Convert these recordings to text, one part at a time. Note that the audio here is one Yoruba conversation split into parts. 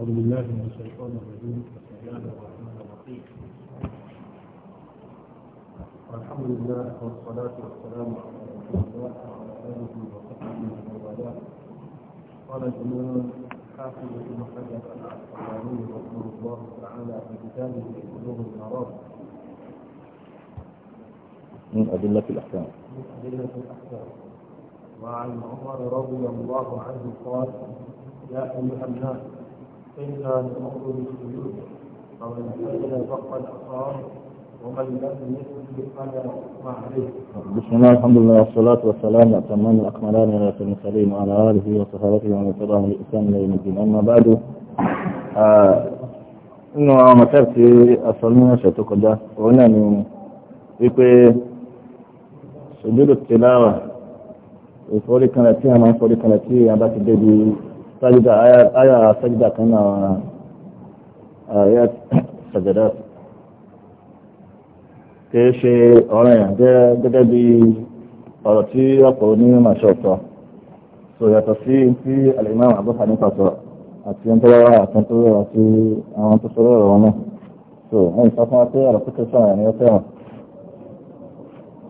أعوذ بالله من الشيطان الرجيم بسم الله الرحمن الرحيم الحمد لله والصلاة والسلام على رسول الله وعلى آله وصحبه ومن والاه قال الإمام حافظ بن حجر العسقلاني رحمه الله تعالى في كتابه بلوغ المرام من أدلة الأحكام من أدلة الأحكام وعن عمر رضي الله عنه قال يا أيها الناس إلا نأمر بالسجود فمن سجد فقد أصاب بسم الله الحمد لله والصلاة والسلام الأتمان الأكملان على المرسلين وعلى آله وصحبه ومن تبعهم الإسلام إلى يوم الدين أما بعد آه، إنه tó kọjá òun náà ni wípé sùjúdù tìláwà ìforíkanlẹ̀ tí a máa ń foríkanlẹ̀ tí a bá ti a so ni ose to koja oun naa ni wipe sujudu tilawa iforikanle ti a maa n sájúdà ayà sájúdà kan náà ayà sàjẹ̀dá kìí ṣe ọ̀rọ̀ yẹn gẹ́gẹ́ bí ọ̀rọ̀ tí ọ̀pọ̀ onímọ̀ ṣọ̀tọ̀ so yàtọ̀ sí tí alimami abúlé nípa sọ àti ẹni tó wá àtúntò tó rẹ̀ àti àwọn tó sọ lọ́rọ̀ náà so wọ́n sọ fún wa pé ọ̀rọ̀ pípẹ́ sọ̀rọ̀ ni ó fẹ́ràn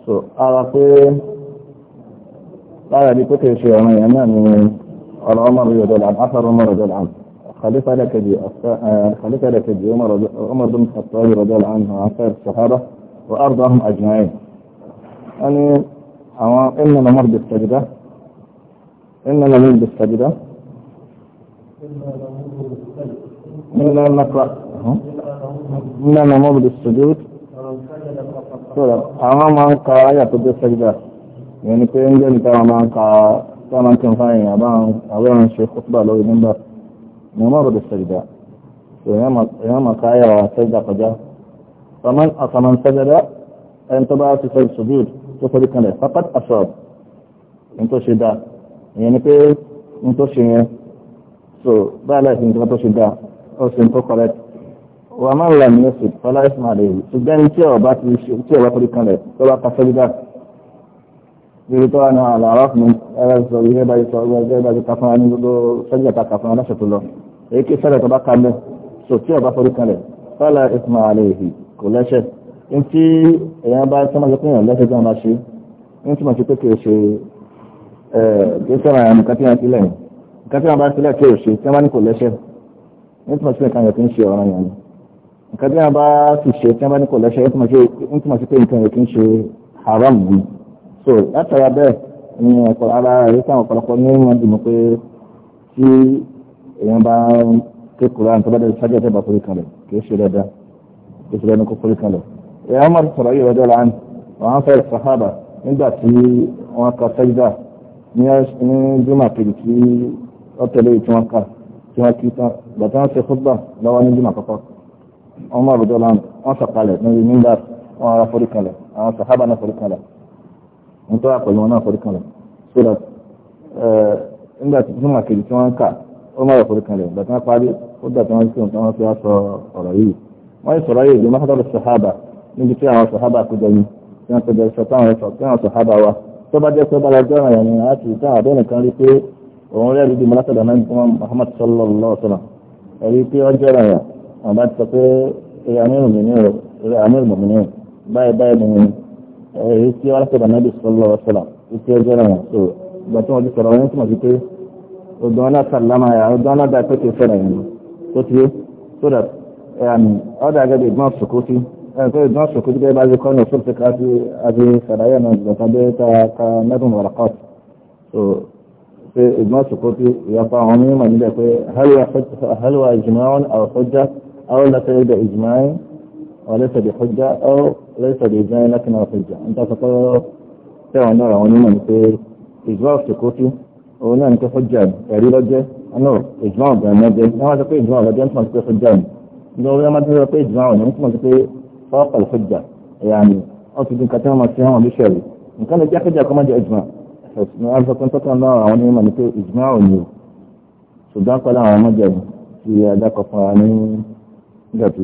so ara pé lára ibi pípẹ́ ṣe ọ̀rọ̀ yẹn náà ni العمر يدل عن أثر عمر يدل عن خليفة دي خليفة دي عمر عمر بن الخطاب رضي الله عنه عن خير الصحابة وأرضاهم أجمعين يعني إننا نمر بالسجدة إننا نمر بالسجدة إننا نقرأ إن نمر بالسجود عمام عن قراية السجدة يعني كي ينجل عمام قراية sáwọn kan fáyìn àbáwọn ṣe kútbà lórí nígbà ní wọ́n rọ̀dọ̀ sẹ̀dá èèyàn máa káyà wà sẹ́dá kọjá àtàmàn sẹ́dá ẹni tó bá ti fẹ́ sùdúr tó fẹ́ kanlẹ̀ pápát asọ́b ní tó ṣe dá ìyẹn ni pé ní tó ṣe yẹn so báyìí láti ní tó ṣe dá ó sì ń tó correct wà máa ń lọ ní oṣù fọlá ìsìn àlè ṣùgbọ́n tí ọba ti ṣe tí ọba torí kanlẹ̀ tó bá ka sẹ́dá níbi tó wà ní àlàárọ̀ fún ẹgbẹ́ sọ ilé bá ti sọ ẹgbẹ́ ẹgbẹ́ ti kàfún ẹni gbogbo sẹ́jà ta kàfún aláṣẹ tó lọ èyí kí sẹ́rẹ̀ tó bá ka mẹ́ so tí ọba forí kalẹ̀ fẹ́lẹ̀ ìsìnmọ̀ àlẹ́ yìí kò lẹ́ṣẹ̀ ní tí èèyàn bá sọ́mọ́ sí pé èèyàn lẹ́ṣẹ̀ tí wọ́n bá ṣe ní tí mo ti pé kì í ṣe kì í sọ̀rọ̀ àwọn nǹkan tí wọ́n sílẹ̀ nǹkan tí wọ́n bá sílẹ̀ kì í ṣe tí wọ́n haram so látara bẹ́ẹ̀ ni ọ̀pọ̀ ara rẹ̀ sáwọn ọ̀pọ̀lọpọ̀ ní wọ́n dì mọ́ pé tí èèyàn bá ń ké kura nǹkan bá dẹ̀ sájà tẹ́ bá forí kalẹ̀ kì í ṣe dáadáa kì í ṣe dáadáa kó forí kalẹ̀ ẹ̀yà wọn máa sọ̀rọ̀ yìí lọ́jọ́ láàánú wọn á fẹ́ sàhábà nígbà tí wọ́n ka sájà ní jùmọ̀ kejì tí wọ́n tẹ̀lé tí wọ́n ka tí wọ́n kí tán bàtà wọn ṣe fúgbà lọ́wọ́ ní jùmọ̀ kọ́kọ́ wọn máa lọ́jọ́ láàánú wọn sọ̀kalẹ̀ wọ́n tó wà pẹ̀lú wọn náà forí kanlẹ̀ so that eh, nígbà tí fún màkèjì tí wọ́n ń kà ó má yọ forí kanlẹ̀ ìgbà tí wọ́n parí ó dà tí wọ́n sí ohun tí wọ́n fi wá sọ ọ̀rọ̀ yìí wọ́n yìí sọ̀rọ̀ yìí ìgbìmọ̀ sọ́dọ̀ sọ̀hábà níbi tí àwọn sọ̀hábà kójọ ni tí wọ́n tẹ̀lé sọ táwọn ẹ̀sọ̀ tí àwọn sọ̀hábà wa tó bá jẹ́ pé bára jọ́ ọ̀ràn yẹn láti ìta àbẹ́ nìkan rí pé òun rẹ́ẹ̀rí bí mọ́lásọ̀dọ̀ náà nípa Muhammad sallallahu alaihi wasallam ẹ̀rí pé ọjọ́ ọ̀ràn yẹn àwọn ti sọ pé ẹ̀rẹ́ àmì ìrùmìnira báyìí báyìí èyí tí wọ́n sọ̀rọ̀ náà bí sọ́lọ́ ọ̀sọ̀lọ̀ ìtí ẹjọ́ rẹ̀ so ìgbà tí wọ́n ti sọ̀rọ̀ wọn túmọ̀ sí pé ọdún ọ̀nà sàlámà yà ọdún ọ̀nà dáa pẹ́kẹ́ fẹ́rẹ̀ yẹn tó ti so that ọ̀dà gẹ́gẹ́ ìgbọ́n sòkòtì ẹ̀kọ́ ìgbọ́n sòkòtì gẹ́gẹ́ bá ti kọ́ ní òfin tẹ̀ka àti àti sàdáyà náà gbọ̀tà bẹ́ẹ̀ وليس بحجة أو ليس بإذن لكن حجة أنت تقول سوى النور ونما نقول إجراء سكوتي ونما نقول حجة قريبا جه النور إجراء بأنه جه لما تقول إجراء لجه أنت ما تقول حجة لما تقول إجراء أنت ما تقول فوق الحجة يعني أقصد إنك تهم السهام بشري إن كان جاء حجة كما جاء إجماع بس ما أعرف كنت تقول النور ونما نقول إجماع ونور سودان قال أنا ما جاء في هذا كفاني nígbà tí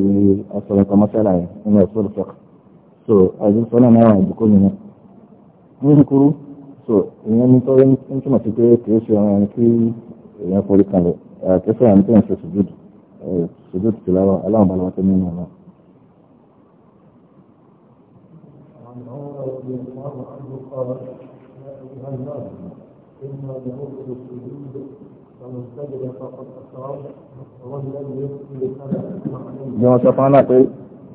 ọ̀sọ̀rọ̀kọ̀ mọ́sálà yẹn nínú ẹ̀fọ́ ìfọ̀kọ̀ so àdúgbò náà wà ìdíkó nínú ní kúrú so ìyẹn ní tọ́wọ́ ń túmọ̀ sí pé kìí ṣe ọ̀rọ̀ ẹni kí èèyàn forí kalẹ̀ àkẹ́fẹ́ àmì tó ń ṣe sùjúdù sùjúdù tó láwọ aláwọ̀ balọ̀ tó nínú ọ̀rọ̀. فمن سجد فقد أشرك jẹ́ wọ́n sọ fún ọ́nà pé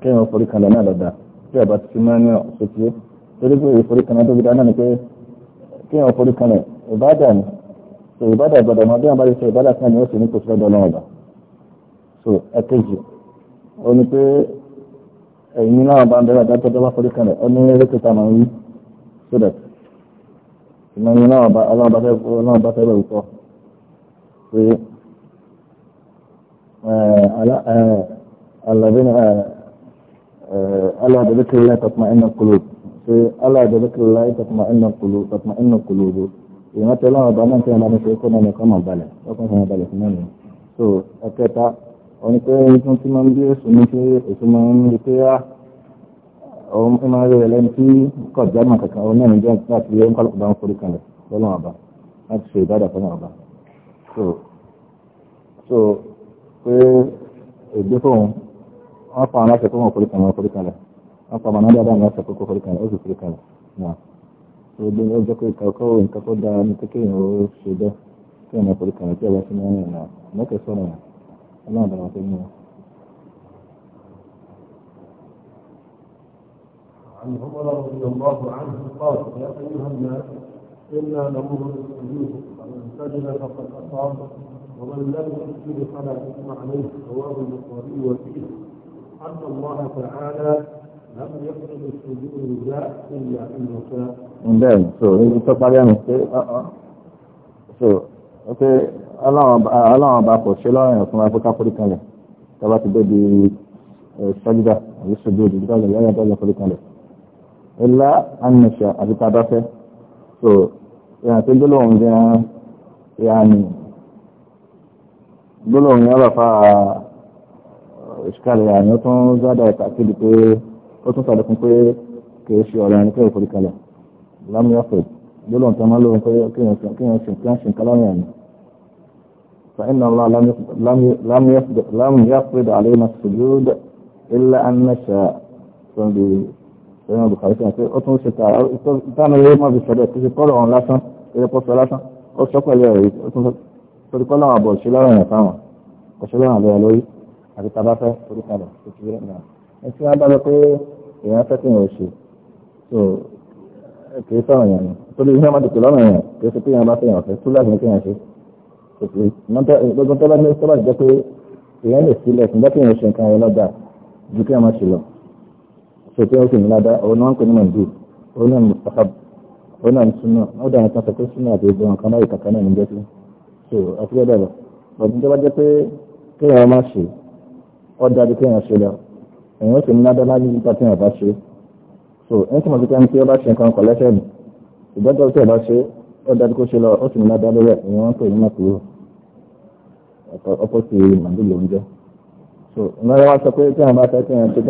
kí wọ́n forí kan lọ́nà lọ́dà tí ọba ti máa ní ọ̀sẹ̀ tí ó torí pé ìforí kan tó fi dáná ni pé kí wọ́n forí kan lẹ̀ ìbádà ni so ìbádà ìbádà ọmọdé wọn bá ti sọ ìbádà kan ni ó sì ní kò sí lọ́dọ̀ ọlọ́run ọba so ẹ̀kejì ó ní pé ẹ̀yin náà bá ń bẹ̀rẹ̀ àdájọ́ tó bá forí kan lẹ̀ ó ní rékìtà máa ń wí so that ìmọ̀ ẹ̀yin náà ọlọ́run bá fẹ́ bẹ̀rù kọ́ pé الذين ألا بذكر الله تطمئن القلوب ألا بذكر الله تطمئن القلوب تطمئن القلوب ìran tẹ́lá ọba náà tẹ́lá ní ṣe kọ́nà nìkan mọ̀ balẹ̀ ọkùnrin fún balẹ̀ fún mẹ́rin so ẹ̀kẹta ọ̀nà pé ẹnìkan tí máa ń bí èso ní pé èso máa ń rí pé á ọ̀hún tí máa ń rí rẹ̀ lẹ́nu tí kọ̀ jámà kankan ọ̀hún náà ní jẹ́ nígbà tí ẹ̀yìn kọ́lọ́kọ̀ ń forí kalẹ̀ lọ́lọ́wọ́n ọba láti ṣe ìbádà fún ọba so so pé ègbé fóun wọ́n fa aláṣẹ tó wọ́n forí kan forí kalẹ̀ wọ́n fa ọmọdé àdáyé aláṣẹ tó forí kalẹ̀ ó sì forí kalẹ̀ náà tó gbé ó jẹ́ pé ìkàkọ́ nǹkan tó dáa ní kékeré ṣe bẹ́ẹ̀ kí forí kalẹ̀ tí ọba ومن لم يؤمن فلا يسمع عليه رواه البخاري وفيه أن الله تعالى لم يقرب السجود ذا إلا إن شاء. Bẹ́ẹ̀ni, so ibi tó parí àmì pé so pé ọlọ́run ọba kò ṣe lọ́rọ̀ ẹ̀yàn fún afẹ́ká forí kanlẹ̀ ti dé di sọ́jídà àbí ṣojú òdìdí tó lẹ́yìn tó lọ forí kanlẹ̀. àbíkà bá so ìrìn àti jẹ́ ìyá àmì gbọ́lọ̀rùn yára fa ìṣkàlẹ̀ àní ó tún zádà ìtàkìlì pé ó tún sàdẹ̀kùn pé kìí ṣe ọ̀rẹ́ àní kẹ́ẹ̀kọ́ ìkàlẹ̀ lámúyàfẹ́ gbọ́lọ̀rùn tó máa lóhun pé kíyàn ṣe فإن الله لم لم لم يفرض علينا السجود إلا أن نشاء sọ́yìn bukari sọ́yìn pé ó tún ṣe tààrà ìtọ́nà yóò má fi sọ́dọ̀ tó ṣe kọ́rọ̀ ọ̀hún lásán eré pọ́sọ sọ pẹ̀lú ẹ̀rí torí kọ́ lọ́wọ́ àbọ̀ òṣèlú ọ̀rọ̀ yẹn fáwọn òṣèlú ọ̀rọ̀ àbẹ̀rẹ̀ lórí àti tabafẹ́ torí kalẹ̀ títí rẹ̀ náà ẹtí wọn bá lọ pé èèyàn fẹ́ kí n ò ṣe so kì í sọ̀rọ̀ yẹn torí ìyẹn máa tètè lọ́rọ̀ yẹn kì í ṣe pé èèyàn bá fẹ́yàn fẹ́ túlẹ̀ ní kéèyàn ṣe gbogbo tó bá ní tó bá jẹ́ pé èèyàn lè sílẹ̀ fún bẹ́ẹ̀ kéèyàn ṣe nǹkan yẹn lọ́dà ju kéèyàn máa ṣe lọ so so ọtí bẹ́ẹ̀ ọdún tó bá jẹ pé kéèyàn má ṣe ọ dájú kéèyàn ṣe lọ èèyàn ó sì ní ládá lájú nípa tí èèyàn bá ṣe so ń sì mọ̀ sí pé ó bá ṣe nǹkan kọ̀ lẹ́sẹ̀ ìgbẹ́jọ́ tí bá ṣe dájú kó ṣe lọ ó sì lórí ẹ̀ pè ní ọkọ̀ sí ló ń jẹ́ so wa sọ pé bá fẹ́ ṣe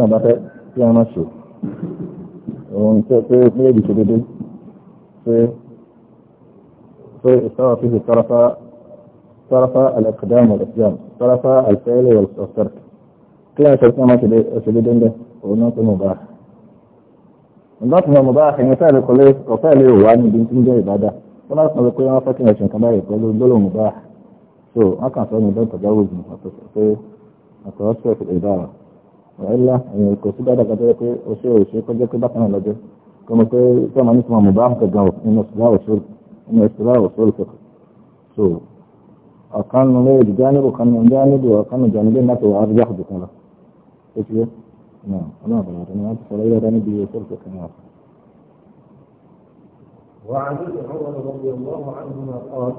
bá fẹ́ طرف الأقدام والأقدام طرف الفعل والترك كلا تسمى ما تشدد عنده ونوت مباح النوت مباح مثال كله وفعل هو عن بنت جاي بعده ولا أصلا بقول ما فاكر عشان كمان يقولوا مباح شو ما كان صار مباح تجاوز مخطط أتوسع في الإدارة وإلا أن الكرسي ده قد يكون وشيء وشيء قد يكون بقى من الأجل كما كما نسمع مباح تجاوز إنه صلاة وصول إنه صلاة وصول فقه شو أقل من غير جانب وأقل من جانب وأقل من جانبين ما تؤرجح بكذا إيش نعم لا بلا أنا أدخل إلى جانب يوصل في كنار وعن ابن عمر رضي الله عنهما قال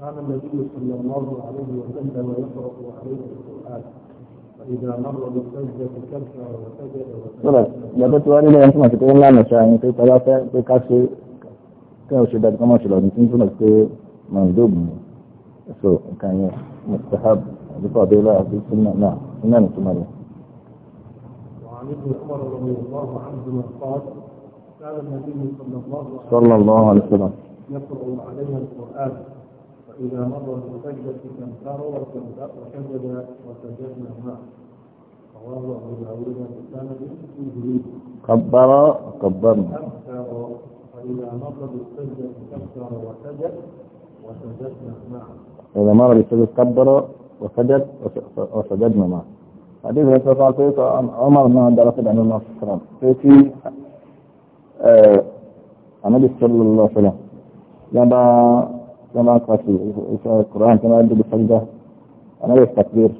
كان النبي صلى الله عليه وسلم يقرأ عليه القرآن فإذا مر بالسجدة كبر وسجد وسجد. طيب، سوء كان مستحب بفضل الله في السنة نعم إمام الكمالية وعن ابن عمر رضي الله عنهما قال كان النبي صلى الله عليه وسلم صلى الله عليه وسلم يقرأ علينا القرآن فإذا مر بسجدة كبر وسجد وسجدنا معه رواه أبو داود بسند فيه كبر كبرنا كبر فإذا مر بالسجدة كبر وسجد وسجدنا معه إذا مر بالسجود كبر وسجد وسجدنا معه حديث النبي صلى الله عليه وسلم عمر ما درس عن النبي صلى الله عليه وسلم النبي صلى الله عليه وسلم لما لما قرأ القرآن كما يبدو بالسجدة أنا النبي التكبير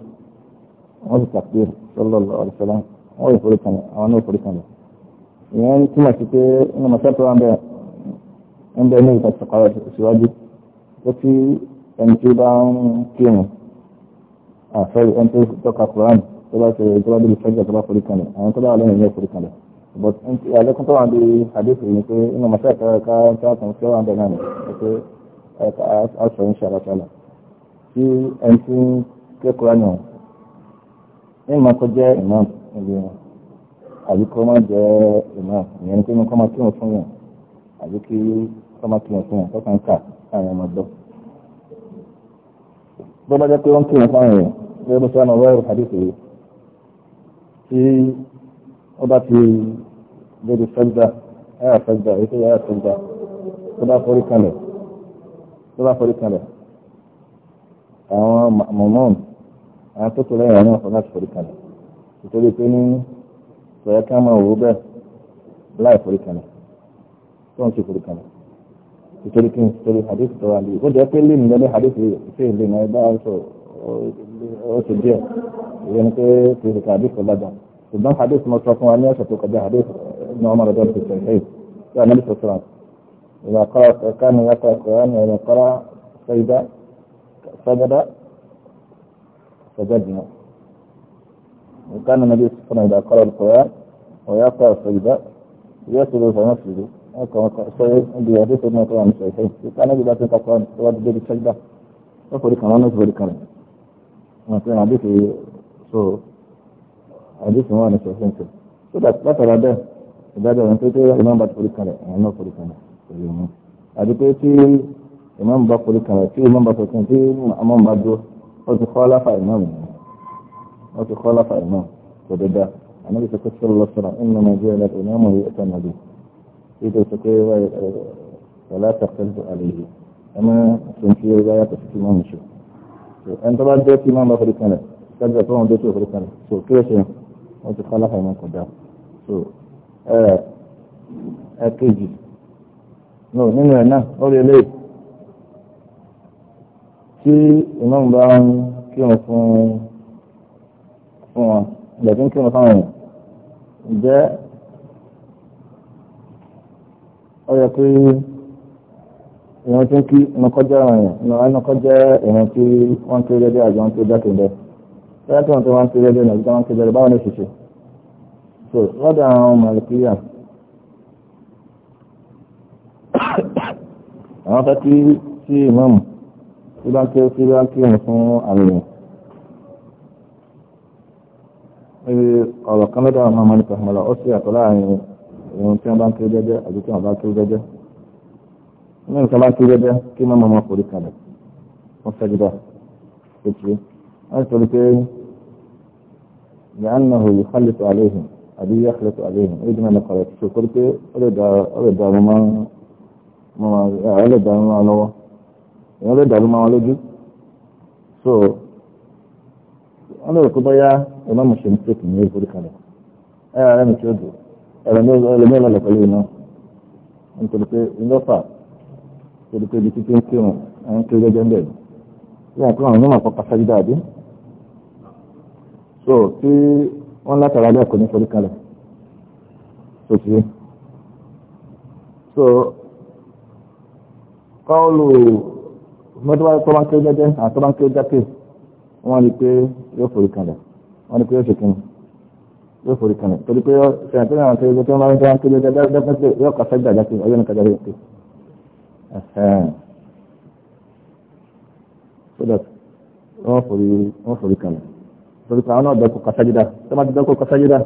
هو التكبير صلى الله عليه وسلم هو يقول كما هو يقول كما يعني كما شئت إنما سألت عند عند النبي صلى الله سواجد وفي ẹni tí ó bá ń kírun àfẹ́rẹ́ ẹni tó tọ́ka Quran tó bá ṣe ìjọba bí ìfẹ́jọ́ tó bá forí kalẹ̀ àwọn tó wà but àlékún tó wà ní àdéhùn ni pé inú ọmọ sáà kára ká ká tó ń fẹ́ wà bẹ́ẹ̀ náà ni pé aṣọ ń ṣe àlàkalà tí ẹni tí ń ké Quran yẹn ní ìmọ̀ jẹ́ imam níbi wọn jẹ́ imam ìyẹn ni pé mo kọ́ máa kírun fún yẹn àbí kí kọ́ máa kírun fún yẹn kọ́ kàn ká bó bá jẹ́ pé wọ́n kírun fáwọn èèyàn bó bó sọ́nà ọ̀rọ̀ ẹ̀rù hadith yìí tí ó bá ti lórí sẹ́gbà ẹ̀yà sẹ́gbà ètò ẹ̀yà sẹ́gbà tó bá forí kalẹ̀ tó bá forí kalẹ̀ àwọn mọ̀mọ́n àwọn tó tó lẹ́yìn àwọn ọ̀sán láti forí kalẹ̀ nítorí pé ní sọ̀yẹ́ máa wò bẹ́ẹ̀ láì forí kalẹ̀ tó ń ṣe forí kalẹ̀. nítorí kí n torí hadith tó wà lè ó jẹ́ pé lè ní lọ́lẹ́ hadith sí ìlú náà bá sọ ó ṣe díẹ̀ ìyẹn pé kì í ṣe hadith tó lágbà ṣùgbọ́n hadith mo sọ fún wa ní ọ̀sẹ̀ tó kọjá hadith ní ọmọ rẹ̀ dọ́ọ̀tì sọ ìṣe tí a nílùú sọ̀rọ̀ ìgbà kọ́ ẹ̀ka ni wọ́n kọ́ ẹ̀kọ́ ni wọ́n kọ́ sọ́jọ́dá sọ́jọ́dá سجدنا وكان النبي صلى الله عليه وسلم إذا قرأ القرآن ويقرأ السجدة يسجد فنسجد ọkọ̀ ọkọ̀ ṣe ibi ọdún tó náà tó wà ní ṣẹ̀ṣẹ̀ ìka náà gbígbà tó ń kakọ́ ọ̀nà tó wá débi ṣẹ́gbà ó forí kan lọ́nà ìforí kan rẹ̀ so àdéhùn wà ní ṣẹ̀ṣẹ̀ nǹkan tó dà látara bẹ́ẹ̀ ìdájọ́ rẹ̀ tó tó yá ìmáàmù bá forí kan rẹ̀ àwọn náà forí kan rẹ̀ pẹ̀lú wọn àti pé tí ìmáàmù bá forí kan rẹ̀ tí ìmáàmù bá forí kan tí ìmáàmù bá dúró ó ti kọ́ láfa ìmáàmù ó ti kọ́ láfa ìmáàmù kò dé dá àná bí sọ pé sọ́lọ́sọ̀rọ̀ ìnáwó nàìjíríà lẹ́tọ̀ọ́ ìnáwó yìí إذا تكيوا ولا تختلف عليه أما تنكي رواية تسكيما مشو أنت بعد ذلك ما بخلي كان كذا فهم ذلك بخلي كان سو كيف وتخلف من قدام سو أكيد no nínú ẹ̀ náà ó lè lè tí ìmáàmù bá ń kírun fún fún wọn ìgbà tí ń kírun fáwọn èèyàn ǹjẹ́ ó yẹ pé ìran tó ń kí nọkọjá ọ̀ràn náà nọkọjá ìran tí wọ́n ń kéré dẹ́dẹ́ àjọ ń tó dákẹ́ bẹ́ẹ̀ bẹ́ẹ̀ tó ń tó wọ́n ń kéré dẹ́dẹ́ náà wọ́n ń kéré dẹ́dẹ́ báwọn ní ṣiṣẹ́ so lọ́dọ̀ àwọn màlìkíyà àwọn fẹ́ kí sí ìmọ̀mù tí bá ń kí sí bá ń kí òun fún àwọn èèyàn ọ̀rọ̀ kan lọ́dọ̀ àwọn màlìkíyà ó sì àtọ̀ ìrun tí wọ́n bá ń kí jẹ́jẹ́ àti tí wọ́n bá kí jẹ́jẹ́ ní nǹkan bá kí jẹ́jẹ́ kí mọ́mọ́ wọn kò rí kalẹ̀ wọ́n fẹ́ jùlọ kékeré wọ́n sọ pé لأنه يخلط عليهم أبي يخلط عليهم إذا ما نقرأ شو قلت أريد أريد ما ما أريد ما لو أريد ما لو so wọ́n lè kó bọ́yá ìmọ̀ mùsùlùmí tó kì í ní ìforí kalẹ̀ ẹ̀ ẹ̀ mi tí ó dùn ẹlẹ́mẹ́ lọ́lẹ̀ pẹ̀lú iná nítorí pé ńlọ́fà nítorí pé ibi títí ń kírun ẹ̀ ń kí gẹ́gẹ́ bẹ́ẹ̀ ní àti wọn ní màpọ̀ pàṣẹ dáadé so tí wọ́n látara bẹ́ẹ̀ kò ní forí kalẹ̀ so ti so kọ́ọ̀lù mọ́tòwáyé tó bá ń kí gẹ́gẹ́ àti tó bá ń kí gẹ́gẹ́ wọ́n rí pé yóò forí kalẹ̀ wọ́n rí pé yóò ṣe kí yóò forí kan torí pé ṣèyàn tó náà tẹ́lẹ̀ tó máa ń tẹ́wọ́n kéde dẹ́gbẹ́ pé yóò kà sẹ́jà jáde ọyọ́ nìkan jáde pé so that wọ́n forí wọ́n forí kan torí pé àwọn náà dẹ́kun kàṣájúdá tó máa ti dẹ́kun kàṣájúdá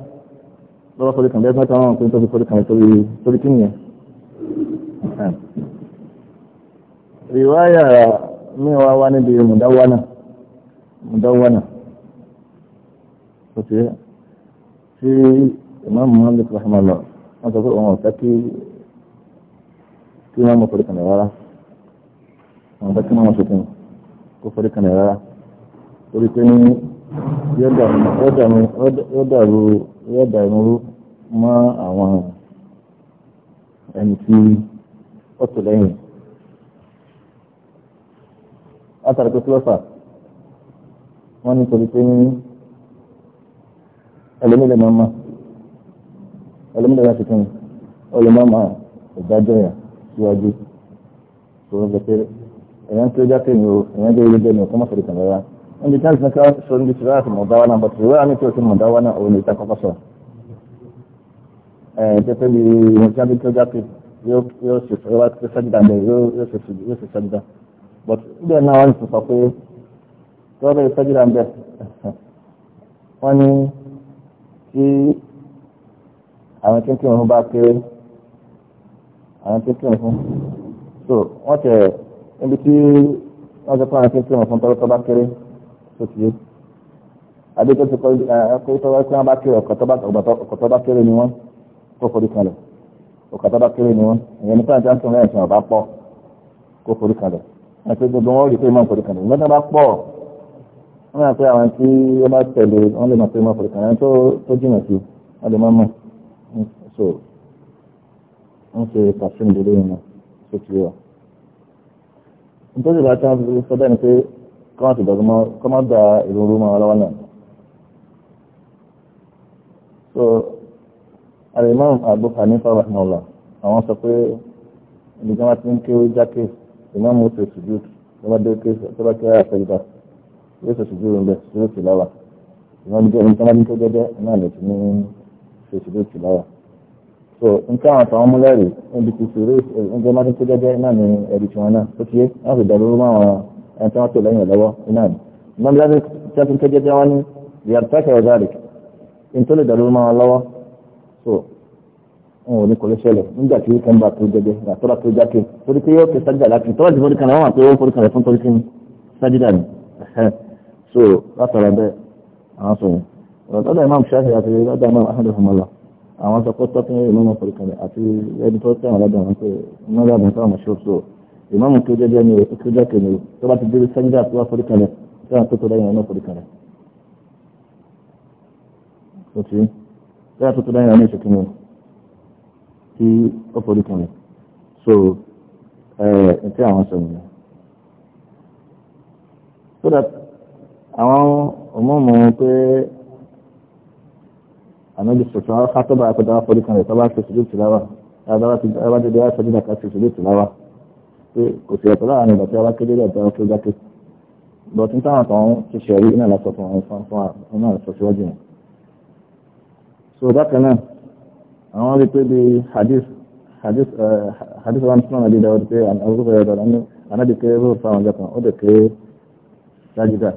lọ́wọ́ forí kan bẹ́ẹ̀ mẹ́ta wọn pé tó fi forí kan torí kí nìyẹn. riwaya mi wa wá níbi mùdáwánà mùdáwánà tí Imam Malik rahimahullah wọ́n sọ pé òun ọ̀fẹ́ kí kí wọ́n mọ̀ forí kan rárá wọ́n fẹ́ kí wọ́n mọ̀ sókun kó forí kan rárá torí pé ní yóò dàrú yóò dàrú mọ́ àwọn ẹni tí ó tò lẹ́yìn látàrí pé kílọ́fà wọ́n ní torí pé ní ẹlòmílẹ̀ máa ma ẹlòmílẹ̀ láti kàn ọlọ́mọ́mọ́ ìdájọ́ yà síwájú tó ń gbẹ̀tẹ́rẹ́ èèyàn tó jáde ní o èèyàn jẹ́ ilé bẹ́ẹ̀ ní ọkọ́ mọ́sọ̀rọ̀ kan rárá wọ́n ti táǹsì náà sọ ní ti ráàtì mọ̀dáwá náà bọ̀tù ìwé àmì tí o ti mọ̀dáwá náà òun ìta kọ́kọ́ sọ ẹ̀ẹ́dẹ́gbẹ́ bí wọ́n jáde tó jáde yóò ṣe sẹ́gbà bẹ́ẹ̀ yóò ṣe sẹ́gbà but ibẹ̀ náà wọ́n ti sọ pé tọ́lẹ̀ sẹ́gbà bẹ́ẹ̀ wọ́n ní tí àwọn tí ń kírun fún bá kéré àwọn tí ń kírun fún so wọ́n tẹ̀ níbi tí wọ́n sọ fún àwọn tí ń kírun fún tọ́lọ́tọ́ bá kéré tó ti yé àdéjọ́ ti kọ́ ẹ̀kọ́ tó wọ́n bá kéré ọ̀kọ̀ tó bá kéré ni wọ́n kó forí kalẹ̀ ọ̀kọ̀ tó bá kéré ni wọ́n ìyẹn ní fún àjọ àtúnrẹ́ ẹ̀sìn ọ̀bá pọ̀ kó forí kalẹ̀ àti gbogbo wọn rí pé mọ́ forí kalẹ̀ ìgbọ́n tó bá pọ̀ wọ́n máa pé àwọn tí wọ́n bá tẹ̀lé wọ́n lè máa pé wọ́n fọ̀rọ̀ kàn tó jìnà sí wọ́n máa mọ̀ so wọ́n ṣe pàṣẹm délé ìmọ̀ tó ti wà. nítorí ìgbà tí wọ́n fi sọ bẹ́ẹ̀ ni pé kọ́má dọ̀gbọ́n kọ́má da ìrúurú lọ́wọ́ náà. so àlèmọ́ Abu Hanifa rahimahullah àwọn sọ pé ibi tí wọ́n ti ń kéwé jákè ìmọ̀ mọ́tò ìṣùjú tó bá dé kéwé tó bá kéwé àfẹ́gbà yóò ṣe sùdúrù ńbẹ sùdúrù tìláwà ìwọ́n ní ẹni tí wọ́n tó gẹ́gẹ́ náà lè ti ní ṣe sùdúrù tìláwà. so nǹkan àwọn àtàwọn múlẹ́rì níbi ti sùdúrù ẹgbẹ́ máa tó gẹ́gẹ́ náà ní ẹ̀rí tiwọn náà ó ti yé wọ́n sì dàrú mọ́ àwọn ẹni tí wọ́n tó lẹ́yìn lọ́wọ́ náà ni. ìmọ̀ bí wọ́n ti tó gẹ́gẹ́ wọn ní yàtàkẹ́ ọ̀gáàrì ní tó lè dàrú mọ́ wọn lọ́wọ́ so wọn ò ní kò lè ṣẹlẹ̀ nígbà tí kan bá tó gẹ́gẹ́ àtọ́lá tó jáde torí pé yóò ti sájà láti tọ́lá ti forí kan lọ́wọ́ àti owó forí kan rẹ̀ fún torí kí ni so látara bẹ́ẹ̀ àwọn sọ yẹn ọ̀tọ́dọ̀ imam shafi àti lọ́dọ̀ imam ahmed ọmọlá àwọn sọ pé tọ́kùn yẹn ìmọ̀mọ̀ pẹ̀lúkẹ̀lẹ̀ àti ẹni tó tẹ̀wọ̀n lọ́dọ̀ wọn pé mọ́lá àbùn sáwọn mọ̀ṣọ́ so ìmọ̀mù tó jẹ́jẹ́ ni ó tó jẹ́kẹ̀ ni tó bá ti dé sẹ́ńdà tó wá pẹ̀lúkẹ̀lẹ̀ tó wà tó tó lẹ́yìn ọmọ pẹ̀lúkẹ̀lẹ̀ òtí tó wà tó tó lẹ́yìn ọmọ ìṣèkínú tí ó pẹ̀lúkẹ̀lẹ̀ so ẹ̀ ẹ̀ tí àwọn sọ nìyẹn àwọn òmùmù pé ànábi sọ̀tún àwọn kátọ́bà akọ̀dáwà fọ́dí kan rẹ̀ tọ́bà ṣe ṣùgbọ́ tìláwà tọ́bà dédé wá ṣẹ́jú dàkà ṣe ṣùgbọ́ tìláwà pé kò sí ẹ̀tọ́ láàrin ìgbà tí a bá kéde rẹ̀ tọ́wọ́ tó jákè bọ̀tún táwọn kan ti ṣe rí náà lásọ fún àwọn fún àwọn náà sọ síwájú wọn. so bákan náà àwọn rí pé bí hadith hadith eh, hadith wa nítorí àdídáwọ̀ pé àwọn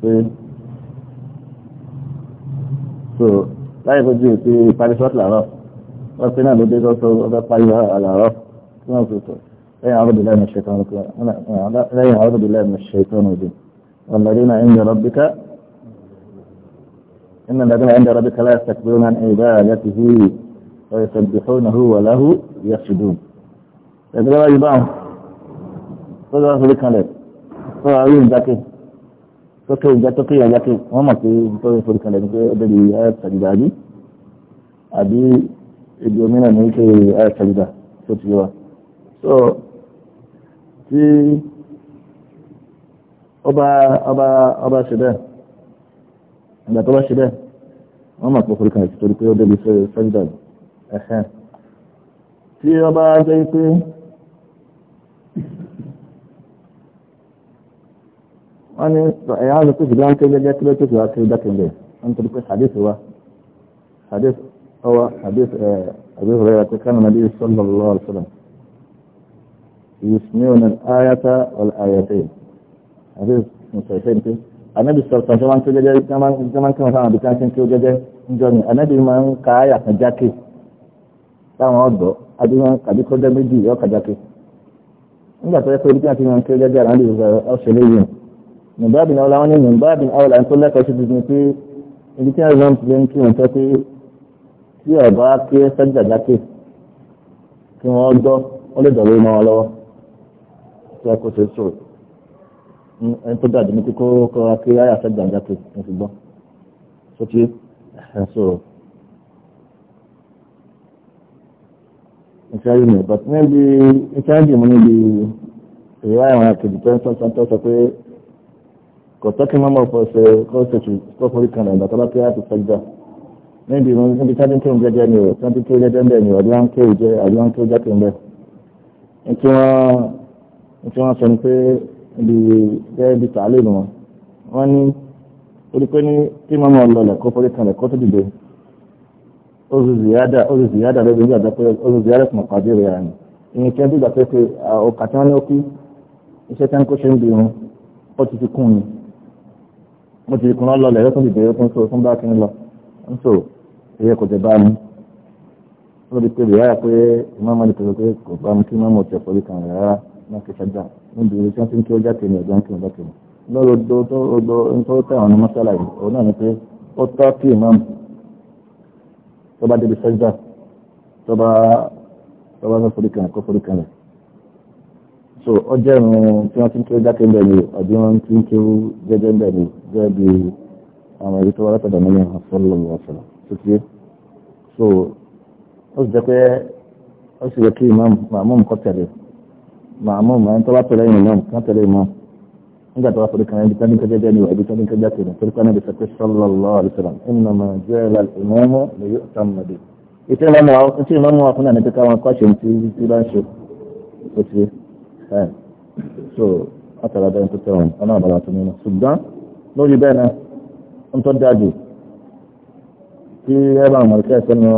pé so láyé fojú ìpè ìparí ṣọ́ọ̀tì làárọ̀ wọ́n pe náà ló dé tó tó ọbẹ̀ parí àlàárọ̀ tí wọ́n fi tọ̀ lẹ́yìn àwọn òbí lẹ́nu ṣètò lẹ́yìn àwọn òbí lẹ́nu ṣètò òdì والذين عند ربك إن الذين عند ربك لا يستكبرون عن عبادته ويسبحونه وله يسجدون ẹ̀dọ́gbà yìí báwọn tó lọ́wọ́ sórí kan lẹ̀ tó wà rí ìdákẹ́ sókè ìjà sókè ìyàjá pé wọ́n mọ̀ pé nítorí ìforúkọlẹ̀ ní pé ó débi ayat sàjúdà àbí àbí ibi òmíràn ní pé ayat sàjúdà tó ti wà. so tí ọba ọba ọba ṣe bẹ́ẹ̀ ìgbà tó bá ṣe bẹ́ẹ̀ wọ́n mọ̀ pé ìforúkọlẹ̀ ti torí pé ó débi sàjúdà ẹ̀hẹ́n tí ọba jẹ́ pé wọ́n ní ẹ̀yà ló tó ṣùgbọ́n tó gẹ́gẹ́ tó tó ṣùgbọ́n tó dákẹ́ ńlẹ̀ wọ́n tó hadis, hadith wa hadis ọwọ́ hadith ẹ̀ àbí ọ̀rẹ́ àti kánà sallallahu alaihi wasallam yusmi'una al-ayata wal-ayatayn hadith mùsàlùfẹ́ ní pé anabi sọ̀tàn tó máa ń tó zaman tó máa ń kí wọn sáwọn àbíkán tí ń kaya gẹ́gẹ́ ń jọ ni Abu máa ń ka ayà kan jákè táwọn ọ̀dọ́ adúmọ̀ kàbí kọjá méjì yọ kàjákè nígbà tó yẹ pé ibi tí wọn ti nùbáàbì náà làwọn ní nùbáàbì àwọn àti lẹ́kọ̀ọ́ sí tuntun pé ibi tí wọ́n ti lè ń kí wọn tẹ́ pé tí ọ̀bá kí ẹ sẹ́jà jákè kí wọ́n gbọ́ wọ́n lè dọ̀wé mọ́ wọn lọ́wọ́ tí ẹ kó ṣe sòrò ẹni tó dàbí ní kíkó kọ́ra but níbi ìṣẹ́yìn mi níbi ìwà ìwọ̀n àkejì tó sọ pé kò tọ́kí mọ́mọ́ pọ̀ ṣe kọ́sẹ̀tù kọ́kọ́rí kan lẹ́gbà tó bá kí láti sẹ́gbà níbi ìrún níbi tí wọ́n ń jẹ́jẹ́ ni o tí wọ́n ti kí jẹ́jẹ́ bẹ́ẹ̀ ni ọdún ké ìjẹ́ àdúrà ké jákè ńbẹ́. tí wọ́n sọ ni pé ibi bẹ́ẹ̀ bí tààlẹ́ nu wọn wọ́n ní orí pé ní kí mọ́mọ́ lọlẹ̀ kọ́kọ́rí kan lẹ̀ kó tó dìde oṣù ziyada lóbi nígbà tó pé oṣù ziyada kùn pàdé rẹ̀ ni ìyẹn tí wọ́n dìgbà pé pé ọkà tí wọ́n ní ó kí iṣẹ́ tí wọ́n kó ṣe ń bi wọn ó ti fi kún ni mo ti kùnà lọlẹ̀ yóò tún dìde yóò tún so tún bá kí n lọ ń so ìyẹ́ kò jẹ́ bá mi ó lè pe bìyà pé ìmáàmù lè pèsè pé kò bá mi kí ìmáàmù ọ̀tẹ̀ pẹ̀lú kan rẹ̀ rárá náà kì í ṣẹ́jà níbi ìrísí wọn ti ń kí ó jáde ní ọjọ́ ń kí ọjọ́ kìíní lọ́rọ̀ odò tó odò tó tẹ̀wọ̀n ní mọ́sálà yìí òun náà ni pé ó tọ́ kí ìmáàmù tó bá débi ṣẹ́jà tó bá tó bá fẹ́ forí kan kó forí kan rẹ̀ so ó ìrìn tí wọ́n ti ń kí ó jáde ń ni ọ̀dí wọn ti ń kí ó jẹ́jẹ́ ń ni gẹ́gẹ́ àwọn èyí tó wá látọ̀dọ̀ nílé hàn sọ́lọ́ lọ́sọ̀rọ̀ títí so ó sì jẹ́ pé ó sì yẹ kí màmúùmù kọ́ tẹ̀lé imam màmúùmù ẹni tó bá tẹ̀lé ìmọ̀ náà kán tẹ̀lé ìmọ̀ nígbà tó bá sọ̀rọ̀ kan ẹni tó ní kẹjẹ́ jẹ́ ni ẹni tó ní kẹjẹ́ tẹ̀lé torí kan níbi sọ̀tẹ́ sọ́lọ́ lọ́sọ̀rọ̀ ìnà mà jẹ́ ìmọ̀ lè yóò tà mọ̀dé ìtẹ́ ìmọ̀ àwọn tí ìmọ̀ wọn fún náà ní pé káwọn kọ́ ṣe ń tí bá ń ṣe ó ti so látara bẹ́ẹ̀ tó tẹ̀wọ̀n ọ̀nà àbàlà tó nínú ṣùgbọ́n lórí bẹ́ẹ̀ náà ń tọ́ dájú tí ẹ bá mọ̀ sí ẹ̀sẹ̀ nu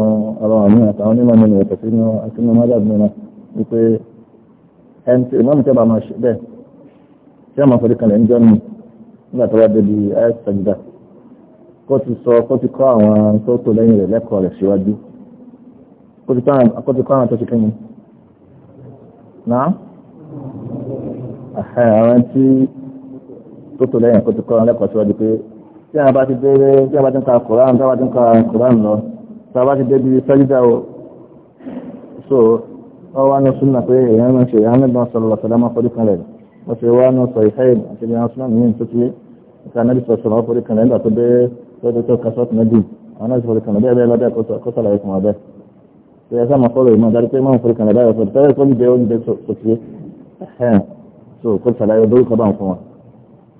ọ̀rọ̀ àmì àtàwọn onímọ̀ mi nìyẹn tẹ̀sí nu ẹ̀sìn nu mọ́jà mi náà wípé ẹni tí ìmọ̀ mi tẹ́ bá máa ṣe bẹ́ẹ̀ tí a máa fọ́dí kalẹ̀ ń jọ́ mi nígbà tó wá débi ẹ̀ẹ́sẹ̀gbà kó ti sọ kó ti kọ́ àwọn tó tó lẹ́yìn rẹ̀ lẹ́kọ̀ọ́ rẹ̀ síwájú kó ti kọ́ àwọn tó ti kẹ́yìn náà àwọn tí tó tó lẹ́yìn kó ti kọ́ lẹ́kọ̀ọ́ síwájú pé tí a bá ti bèrè tí a bá ti ń ka koran tí a bá ti ń ka koran lọ tí a bá ti débi sẹ́jídà o so wọ́n wá ní súnà pé èèyàn máa ń ṣe èèyàn mẹ́gbọ́n sọ̀rọ̀ lọ́sọ̀ lọ́mọ forí kan rẹ̀ wọ́n ṣe wá ní sọ ìhẹ́yìn àti ìyàn súnà mí tó ti ká náà sọ sọ̀rọ̀ forí kan rẹ̀ nígbà tó dé tó tó kasọ́ tó méjì àwọn náà forí kan rẹ̀ bẹ́ẹ̀ bẹ́ẹ̀ lọ́dẹ̀ kó sọ̀rọ̀ ìkùn ọ̀bẹ́ ṣe ẹ sáà fọ́rọ̀ ìmọ̀ dárí pé máa ń forí kan rẹ̀ báyọ̀ fọ́rọ̀ tẹ́lẹ̀ tó ń bẹ oúnjẹ tó ti so kó sàlàyé lórúkọ bá ń fún wọn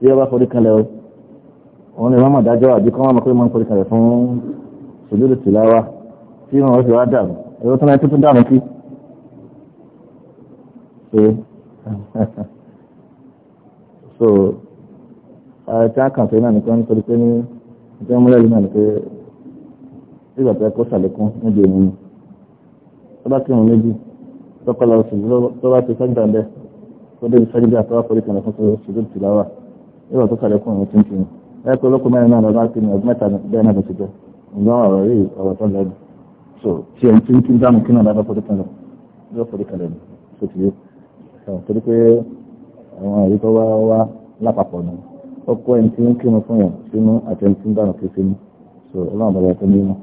bí ọba forí kalẹ̀ o wọn lè má mọ̀ dájọ́ àbí kọ́ máa pé máa ń forí kalẹ̀ fún sùjúdù tìláwà tí wọn fi wá dànù ẹ̀rọ tó náà tó tún dànù kí. so tí a kàn fẹ́ náà nìkan nítorí pé ní ìjọ múlẹ̀ yìí náà ni pé nígbà tó yẹ kó sàlékún níbi èmi ni tó bá kírun méjì tó kọ́ lọ sùn tó bá ti sẹ́gbà ń bẹ́ tó débi sẹ́gbà tó wá forí kalẹ̀ fún sùjúdù tìláwà ìwà tó kàlẹ́kùn ọ̀rọ̀ tí ń tún ẹ pé olókùn mẹ́rin náà lọ bá ti ní ọdún mẹ́ta bẹ́ẹ̀ náà ti jẹ́ ǹgbọ́n ọ̀rọ̀ rí ọ̀rọ̀ tó lẹ́nu so tí ẹni tí ń tún dánù kí náà dábàá forí kan lọ yóò forí kan lẹ́nu tó ti yé torí pé àwọn èyí tó wá wá lápapọ̀ ni ó kó ẹni tí ń kírun fún yàn sínú àti ẹni tí ń dánù kí sínú so ọlọ́run bàbá tó ní mọ́.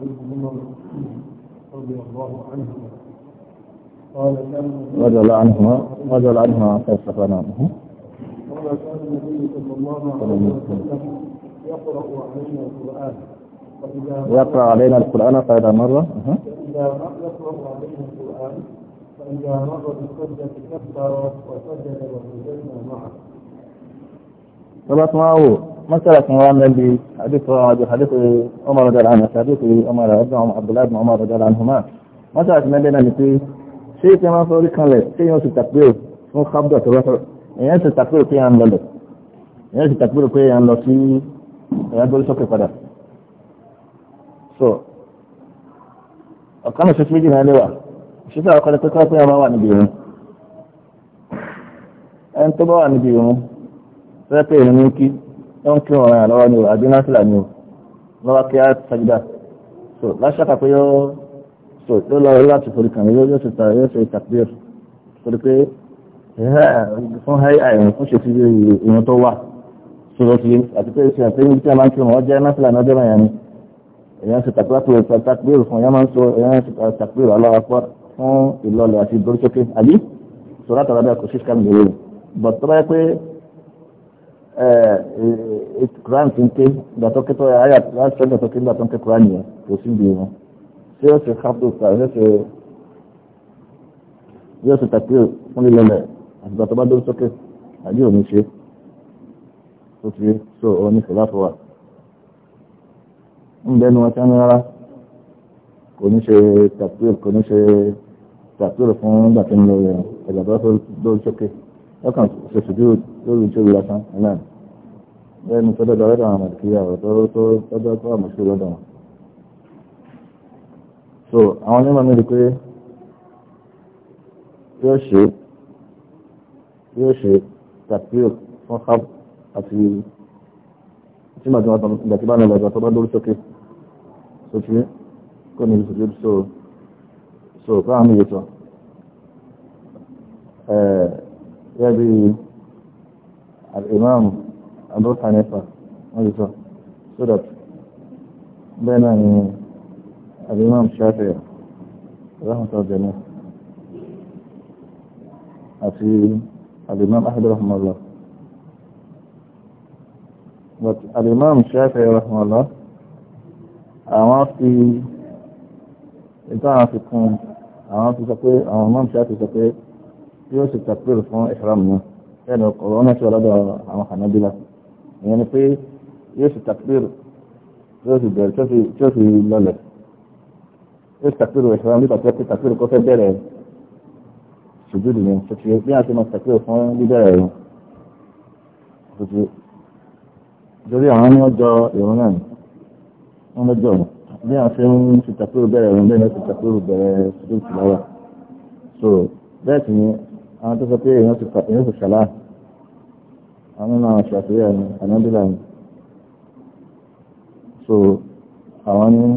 Thank you. رضي الله عنهما قال كان رضي عنهما رجل عنهما قال كان النبي صلى الله عليه وسلم يقرأ علينا القرآن يقرأ علينا القرآن فإذا مرة إذا يقرأ علينا القرآن فإذا مر بالسجدة كبر وسجد وسجدنا معه ثبت معه مسألة موامنة بحديث حديث عمر رضي الله عنه حديث عمر ابن عبد الله بن عمر رضي الله عنهما مسألة مدينة نتي شيء كما فوري كان له شيء يوسف تكبير fún kábdọ̀ tó rọ́tọ̀ èyàn ti tàkúrò pé à ń lọlẹ̀ èyàn ti tàkúrò pé à ń lọ sí ẹ̀yà gbórí sókè padà so ọ̀kan náà ṣoṣo méjì náà lè wà ṣíṣe àwọn ọkọlẹ̀ pẹ́kọ́ pé a máa wà níbi ìrún ẹni tó bá wà níbi ìrún rẹ́ pé ìrún ní kí wọ́n kí wọn ràn lọ́wọ́ ni, o àbí násìlà ní o lọ́wọ́ kí á sàjídà so láṣàkà pé yóò so tó lọ láti forí kàn yóò yóò ṣètà yóò ṣe ìtàkìdìr torí pé fún háì àìrùn fún ṣètì ìrùn tó wà sọ̀rọ̀ sí àti pé ṣe àti ìrìn tí a máa ń kí wọn jẹ́ násìlà ní ọjọ́ náà yẹn ni èèyàn ṣe tàkìlátò ìtàkìdìr fún èèyàn máa ń sọ èèyàn ṣe tàkìdìr alárakọ́ fún ìlọlẹ̀ àti ìdóríṣókè Eh, Quran ti ń ké ìgbàtọ́ da ayé àtúnṣe ìgbàtọ́ kí ìgbàtọ́ ń ké Quran yẹn kò sí ibi wọn ṣé ó ṣe kápẹ́ òkúta yóò ṣe yóò ṣe tàpé fún lílọ́lẹ̀ àtìgbàtọ́ bá dórí sókè àbí òní ṣe ó ti so òun ní ṣọlá fọwà ń bẹnu wọn sẹ́ni rárá kò ní ṣe tàpé kò da ṣe tàpé fún ìgbàtọ́ ń lọ ẹ̀gbàtọ́ dórí sókè ọkàn ṣoṣù dúró lórí ìṣòro lásán náà lẹ́nu tó dọ́dọ̀ lọ́dọ̀ àwọn da ọ̀rọ̀ da tọ́jọ́ tó da sí lọ́dọ̀ wọn. so àwọn da mi rí pé yóò ṣe da ṣe tàpíò fún hub àti tí màá tí wọn tọ́ ìgbà da bá ń lọ ìgbà tó bá dórí sókè sókè kò ní ìṣòro so so káwọn mi yẹ sọ. gẹ́gẹ́ bí al-imam abu hanifa wọ́n ti sọ so that bẹ́ẹ̀ náà ni al-imam shafi'i rahmatulahi jamiu àti al-imam ahmed rahmatullah but al-imam shafi'i rahmatullah àwọn fi ìtàn àfikún àwọn fi sọ pé àwọn imam shafi'i sọ pé yóò sì tàpérò fún ìṣòram náà ẹnu ọ̀nà tí ọlọ́dọ̀ àwọn hànábílà ìyẹn ni pé yóò sì tàpérò yóò sì bẹ̀rẹ̀ tí ó sì lọlẹ̀ yóò sì tàpérò ìṣòram nígbà tí ó ti tàpérò kó fẹ́ bẹ̀rẹ̀ ṣùgbọ́dù ni ṣètì bí a ti máa tàpérò fún bíbẹ̀rẹ̀ rẹ̀ ṣètì torí àwọn ní ọjọ́ ìrún náà wọ́n lọ́jọ́ bí a ṣe ń ṣe tàpérò bẹ̀rẹ̀ rẹ̀ bẹ́ẹ̀ ni ó ti tàpérò bẹ̀rẹ̀ ṣùgbọ́dù àwọn tó sọ pé èèyàn ti pàtó yóò fi ṣàlá àwọn nínú àwọn ṣàfihàn ànábìlà ni so àwọn ní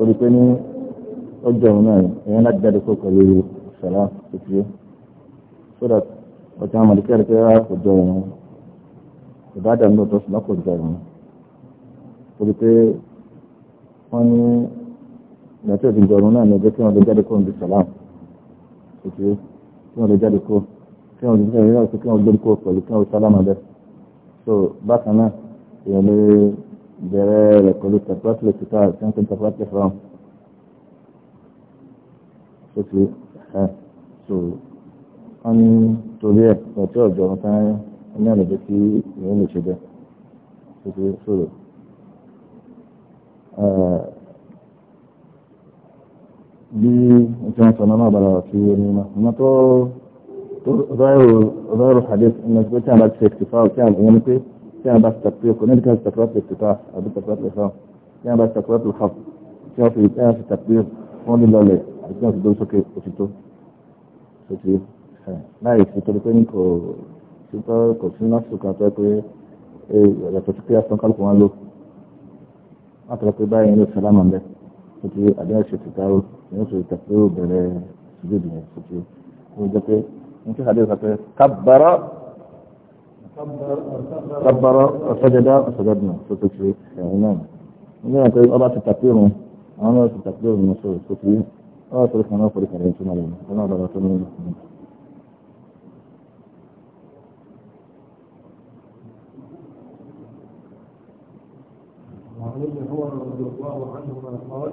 orí pé ní ọjọ́ òun náà èèyàn láti jáde kó pẹ̀lú ṣàlá kékeré so that ọjà àwọn àdìkẹ́ rẹ̀ pé rárá kò jọ òun ìbádàn ló tó ṣùgbọ́n kò jọ òun torí wọ́n ní ìgbà tí òun náà ní ọjọ́ kí wọ́n lè jáde kó ń di ṣàlá òkèèrè kí wọ́n lè jáde kó kí wọ́n lè jáde kó kí wọ́n gbé kó pẹ̀lú kí wọ́n sálámà bẹ́ẹ̀. so bákan náà èèyàn lè bẹ̀rẹ̀ rẹ̀ pẹ̀lú tẹ̀pẹ́tìlẹ̀ kíkà tí wọ́n pè tẹ̀pẹ́tìlẹ̀ fún so ti ẹ̀ so wọ́n ní torí ẹ̀ pẹ̀tí ọ̀jọ̀ wọn tán ní àlejò tí èèyàn lè ṣe bẹ́ẹ̀ so ti sọ̀rọ̀ bí tí wọ́n sọ náà máa bára sí orí náà ọmọ tó hadis hadith ẹni pé tí a bá ti ṣèkìtìfà tí a ìyẹn ni pé tí a bá ti tàpé ọkọ̀ ní ìdíkà ìtàkùrọ̀ ṣèkìtìfà àbí tàkùrọ̀ ṣèkìtìfà tí a bá ti tàkùrọ̀ ṣèkìtìfà tí wọ́n fi tí a ti tàpé wọ́n lè lọlẹ̀ àti tí wọ́n fi dúró sókè òtítọ́ sókè láì fi torí pé kò sípò kò sí lásìkò àtọ́ pé yàtọ̀ sí pé asán kálukú wọn lò látọ̀ pé báyìí ń lò sálámà bẹ́ẹ̀ títí àdáṣe tìtàwó yóò ṣe tàkìrò bẹ̀rẹ̀ sùjúdù yẹn títí ó jẹ́ pé ní kí àdéhùn sàpẹ́ kábàárọ̀ kábàárọ̀ ọ̀sọ́jọ́dá ọ̀sọ́jọ́dù náà tó tètè ẹ̀yìn náà nígbà yẹn pé ọba ti tàkìrò àwọn náà ti tàkìrò ní sọ̀rọ̀ tó fi ọba sọ̀rọ̀ kan náà fọ̀rọ̀ kan lẹ́yìn tó máa lẹ́yìn عنهما قال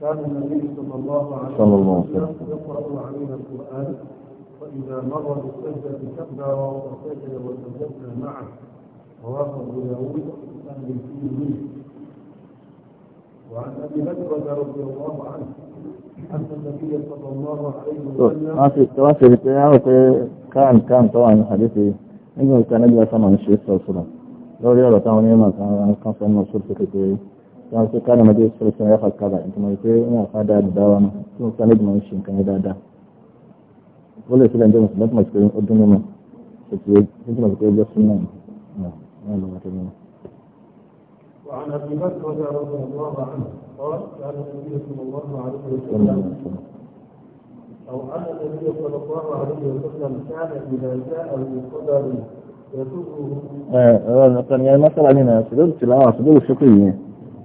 كان النبي صلى الله عليه وسلم يقرأ علينا القرآن فإذا مر بالسجدة كبر وسجد وسجدنا معه رواه أبو داود وسهل فيه منه وعن أبي بكر رضي الله عنه أن النبي صلى الله عليه وسلم ما في التواصل كان كان طبعا حديثي إنه كان يجلس مع النبي صلى الله عليه وسلم لو رياضة تعاونية ما كان كان في الموصول في كتير wọn ṣe ká ní ọmọdé sọ̀rọ̀ tí wọn yẹ fà kábà nǹkan mọ ìpè ní àfáàdá àdùdá wa mọ tí wọn sáré jùmọ̀ ń ṣe nǹkan yẹn dáadáa ó lè sílẹ̀ ǹjẹ́ mùsùlùmí mọ̀ pé ó dún mímọ̀ ètò ètò mọ̀ pé ó jẹ́ súnmọ̀ náà ló wà tó mímọ̀. وعن ابي بكر رضي الله عنه قال كان النبي صلى الله عليه وسلم او ان النبي صلى الله عليه وسلم كان اذا جاءه قدر يسره. اه مثلا يعني مثلا هنا سدود التلاوه سدود الشقيه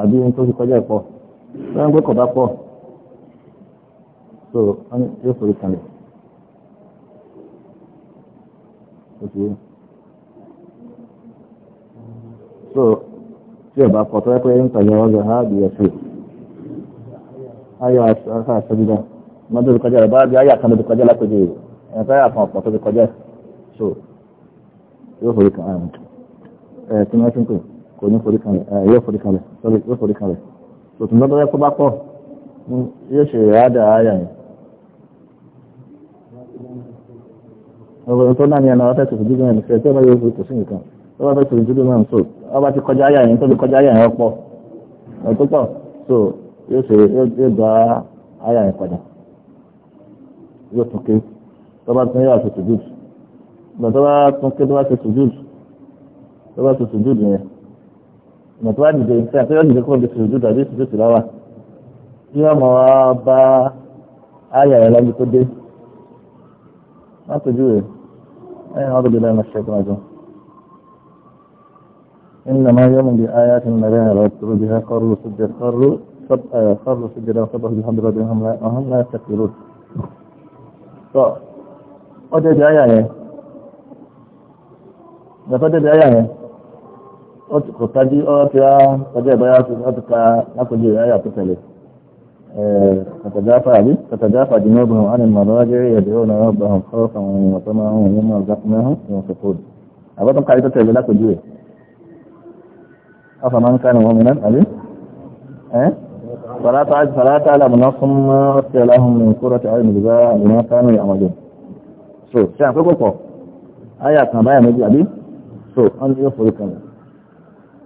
àbí ohun tó ti kọjá pọ̀ lọ́wọ́n gbé kọ̀bá pọ̀ so wọ́n yóò forí kalẹ̀ so tí ọba pọ̀ tó yẹ pé ń tàjà ọjọ́ ha bí ẹ̀ṣẹ̀ ayọ̀ àṣà àṣẹ́bídà wọ́n tó ti kọjá rẹ̀ bá bí ayọ̀ kan tó ti kọjá lápẹ̀jẹ̀ ẹ̀ fẹ́ àfọ̀n ọ̀pọ̀ tó ti kọjá so yóò forí kalẹ̀ ẹ̀ kí wọ́n ti ń pè é. kò ní forí kalẹ̀ yóò forí kalẹ̀ sorry yóò forí kalẹ̀ tòtún yẹ kó bá pọ̀ yóò ṣe ìrádà ayà yẹn. tó náà ní ọ̀fẹ́ tòtún dídùn ẹ̀mí tó yóò kò sí fẹ́ tòtún dídùn tó ọba kọjá ayà yẹn tó kọjá ayà yẹn pọ̀ pọ̀ so yóò ṣe yóò gba ayà yẹn padà yóò tún ké tó tún yóò àtòtò jùd tó tún ké tó bá tòtò jùd na tuwa ni jai sai wani da kuma da su zuwa zai su zai tilawa iya ma wa ba a yi ayyala ni kudi na ta juwe a yi hadu bilan na shaikun ajo inda ma yi mun bi ayatin na rai halar dia bi ha karu su karu karu su jira sabar bi hamdura bi hamla ya tafi ru to wajen bi aya ne kò tajú ọ̀rọ̀ tí a kọjá ìbáyà láti ka lápẹjù ìráyà tó tẹ̀lé kàtàjáfà àbí kàtàjáfà jùlọ bọ̀ wọn ni màdọ́ jẹ́rì ẹ̀dẹ́ ọ̀nà ọ̀bà hàn kọ́ àwọn ènìyàn tó máa ń wọ̀nyí máa gbàkúnmẹ́ hàn ìwọ̀n sọ́kòdì àbọ̀tún kárí tó tẹ̀lé lápẹjù rẹ̀ afa máa ń ká ni wọ́n mìíràn àbí fàlátà àlàmùná fún ọ̀sẹ̀ aláhùn ní kúrọ̀ tí àwọn ìgbà àlùmọ́ kánú àmọ́jọ́ so ṣe àpẹ́pọ̀ pọ̀ ayà kan báyà méjì àbí so wọ́n ti yóò forí kan lọ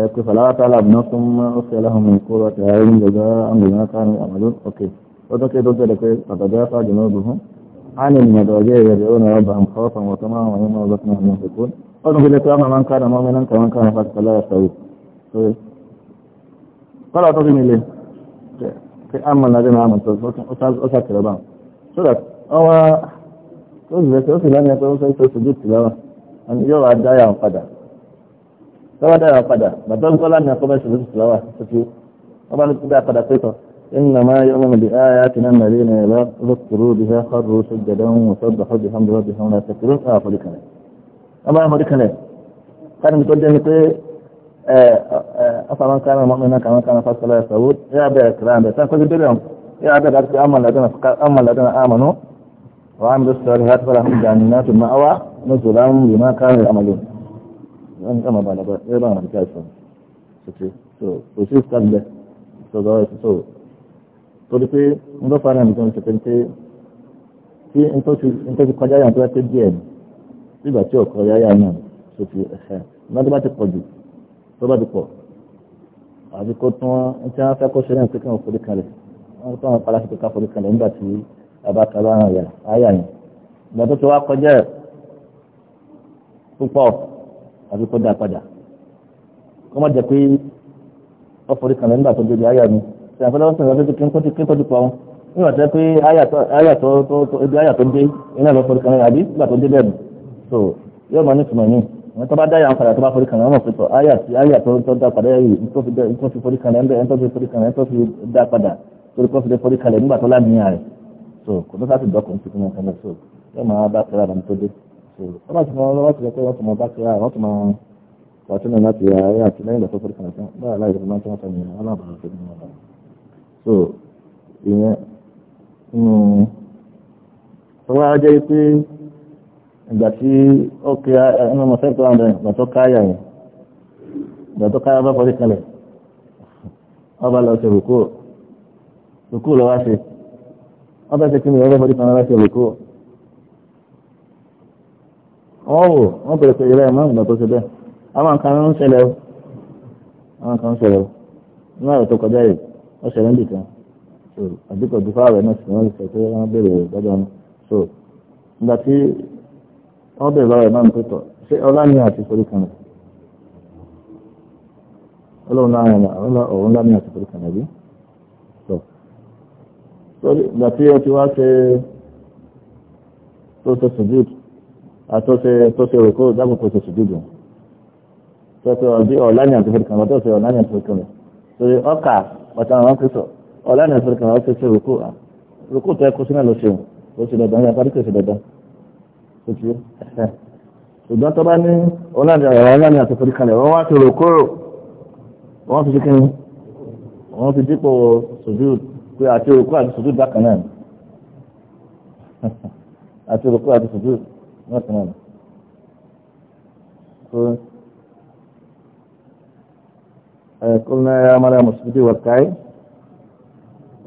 ẹ̀kọ́ fàlàwà tààlà àbùná tó ń mọ́ ọ́fẹ́ aláhùn ìkóró àti àárín gbẹ̀gbẹ́ àmìlì náà káàrin àmàlú ọ̀kẹ́ ó tó kéde tó dẹ̀kẹ́ àtàdé afáàjù náà gbùhún á ní ènìyàn dọ̀jẹ́ ìrẹ̀lẹ̀ ó náà bá ń kọ́ fàwọn tó máa wọ̀nyí máa lọ́kùnrin àmì ìfẹ́kún ó tún kéde tó àmà máa ń kára mọ́ mẹ́rin kàwọn káwọn fàtí kọlá ẹ̀fẹ́wì kọ́lá tó fi nílé pé àmà náà dẹ́nu àmà tó ó sàkìlọ̀ bá so that ọwọ́ ó sì lẹ́sẹ̀ ó sì lẹ́nu ẹgbẹ́ ó sọ tọ́wọ́ dára padà bàtọ́ ń kọ́lá ní akọ́bẹ̀ṣẹ̀ lóṣù tìlọ́wà títí wọ́n bá ní kúdà padà pé kan inna ma yu'minu bi ayatina alladhina idha dhukiru biha kharru sujadan wa sabbahu bihamdi rabbihim wa yastakbirun a fori kan wọ́n bá ń fori kan rẹ̀ káàdì tó dẹni pé afaman kana mu'mina kama kana fasala yasawu ya bẹ̀rẹ̀ kira bẹ̀ sàn kọ́sí bẹ̀rẹ̀ ya bẹ̀rẹ̀ àti amma ladina amanu wa amilu salihati falahum jannatu ma'awa nuzulan bima kanu ya'malun ẹni kàn máa bá lọ́gbà ẹ bá àwọn àdìkà ìsọ̀rọ̀ ṣètì so kò sí ìsìkàlù lẹ ìṣòro ẹ̀sìn so torí pé ń bọ́ fara nìkan ṣe pé pé tí n tó ti kọjá yàn tó bá pé díẹ̀ ni nígbà tí ọkọ̀ yáyà náà ṣètì ẹ̀ṣẹ̀ nígbà tó bá ti pọ̀ jù tó bá ti pọ̀ àbí kó tún ń tí wọ́n fẹ́ kó ṣe náà pé kí wọ́n forí kalẹ̀ wọ́n tó wọn parasite ká forí kalẹ̀ nígbà tí abákàbá yà áyà yẹn ìgbà tó ti wá kọjá púpọ̀ àbí kó dáa padà kó má jẹ pé ó forí kan lẹ́nu àtọ́jú ibi àyà mi ṣe àfẹ́lẹ́ wọ́n sọ̀rọ̀ lójú kíkọ́ kíkọ́ tó pa wọn nígbà tó pé àyà tó ibi àyà tó dé iná lọ forí kan lẹ́nu àbí nígbà tó dé bẹ́ẹ̀ so yóò máa ní ìtumọ̀ yìí wọ́n tó bá dáyà ń padà tó bá forí kan lẹ́nu pẹ̀tọ̀ àyà tó dá padà yìí tó fi forí kan lẹ́nu tó fi forí kan lẹ́nu tó fi dá padà torí kó fi lè forí kan lẹ́nu nígbà tó lámìí rẹ̀ so kò ní sáà ti dọ́kùn tuntun náà kan lọ so yóò máa bá tẹ́lá wọ́n bá ti mọ ọlọ́wọ́ ti rẹ̀ pé wọ́n ti mọ bá ti rà wọ́n ti mọ wàtúnà láti ayé àti lẹ́yìn ìgbà tó fẹ́rẹ̀ kan tán báyà láì fẹ́ máa tán tán nìyẹn aláàbàrà tó nínú ọ̀la so ìyẹn nù tọ́wọ́ á jẹ́ pé ìgbà tí ó kí ẹnu ọmọ sẹ́ńtọ́ àwọn ọ̀dọ́ ìgbà tó káyà yẹn ìgbà tó káyà bá fọdí kalẹ̀ wọ́n bá lọ sí rùkú rùkú lọ́wọ́ ṣe wọ́n bá ṣe kí ni ẹgbẹ́ fọdí kan ọ̀wọ̀ wọ́n bẹ̀rẹ̀ pé ìrẹ́ ìmọ̀ ìgbà tó ṣe bẹ́ẹ̀ àwọn kan ń ṣẹlẹ̀ o àwọn kan ń ṣẹlẹ̀ o ní ààrẹ tó kọjá rẹ̀ ó ṣẹlẹ̀ ń dìkan so àdìkọ̀ ju fáwẹ̀ náà sì wọ́n sọ pé wọ́n bèrè lọ́jọ́ wọn so nígbà tí wọ́n bèrè lọ́rọ̀ ìmọ̀ ìpẹ́tọ̀ ṣé ọlá àti forí ọlọ́run láàrin àti àtọ́sẹ̀ òkú dákòókò tó ṣùdúdù tọ́sẹ̀ ọdí ọ̀lànà tó fẹ́rẹ̀ kan lọ tọ́sẹ̀ ọ̀lànà tó fẹ́rẹ̀ kan lọ torí ọkà ọ̀tá àwọn kìsọ̀ ọ̀lànà tó fẹ́rẹ̀ kan lọ tọ́sẹ̀ òkú à òkú tó ẹkú sínú lọ ṣeun ó ṣe dandan ní apá díkẹ̀ o dandan tó ti ṣùgbọ́n tó bá ní ọ̀lànà tó fẹ́rẹ̀ kan lọ wọ́n wá ti ròkó wọ́n fi kíni wọ́n fi dípò ṣùdúdù pé àti òkú àti ṣùdúdù bákan náà àti òkú àti ṣùdúdù اه، مثلا آه، قلنا يا مريم اسجدي واركعي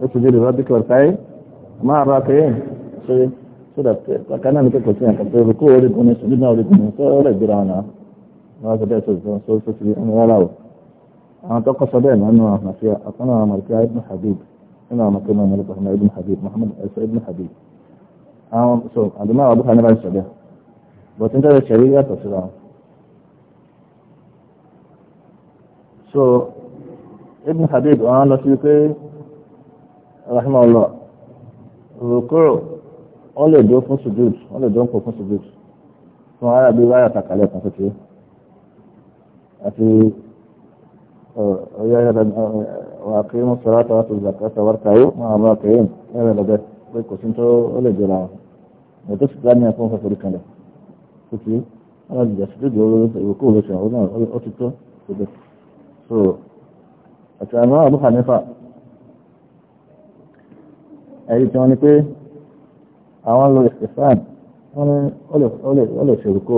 اسجدي لربك واركعي مع الراكعين سورة كان هناك كوسين كان في ركوع ولكن سجدنا ولكن ولا جرانا ما سبع سجدنا سورة سجدنا ولا هو أنا أتوقع سبعين لأنه أنا في أنا ملكة ابن حبيب أنا مكان ملك أحمد ابن حبيب محمد ابن حبيب أنا سورة عندما أبوها أنا بعد سبعين bọ̀tún tẹ́lẹ̀ ṣẹ̀rí so ibn habib wọn lọ sí pé rahimahullah rukuru wọn lè dúró fún sujud wọn lè dúró fún sujud fún ara bí wáyà kàkàlẹ̀ kan kékeré àti ọ̀yọ́ yàtọ̀ wà kí wọ́n sọ̀rọ̀ àtàwọn tó zàkà sọ̀rọ̀ kàwé wọn àbá kàwé ẹ̀rọ lọ́bẹ̀ pé kò sí tó ó lè kó ti wọn ti jà sójú ìrókò lóṣù àwọn náà ó ti tó síbẹ̀ so àti àwọn Abu Hanifa ẹ̀yí tí wọ́n ní pé àwọn lo ìfẹ̀sán wọ́n ní ó lè ṣèrúkọ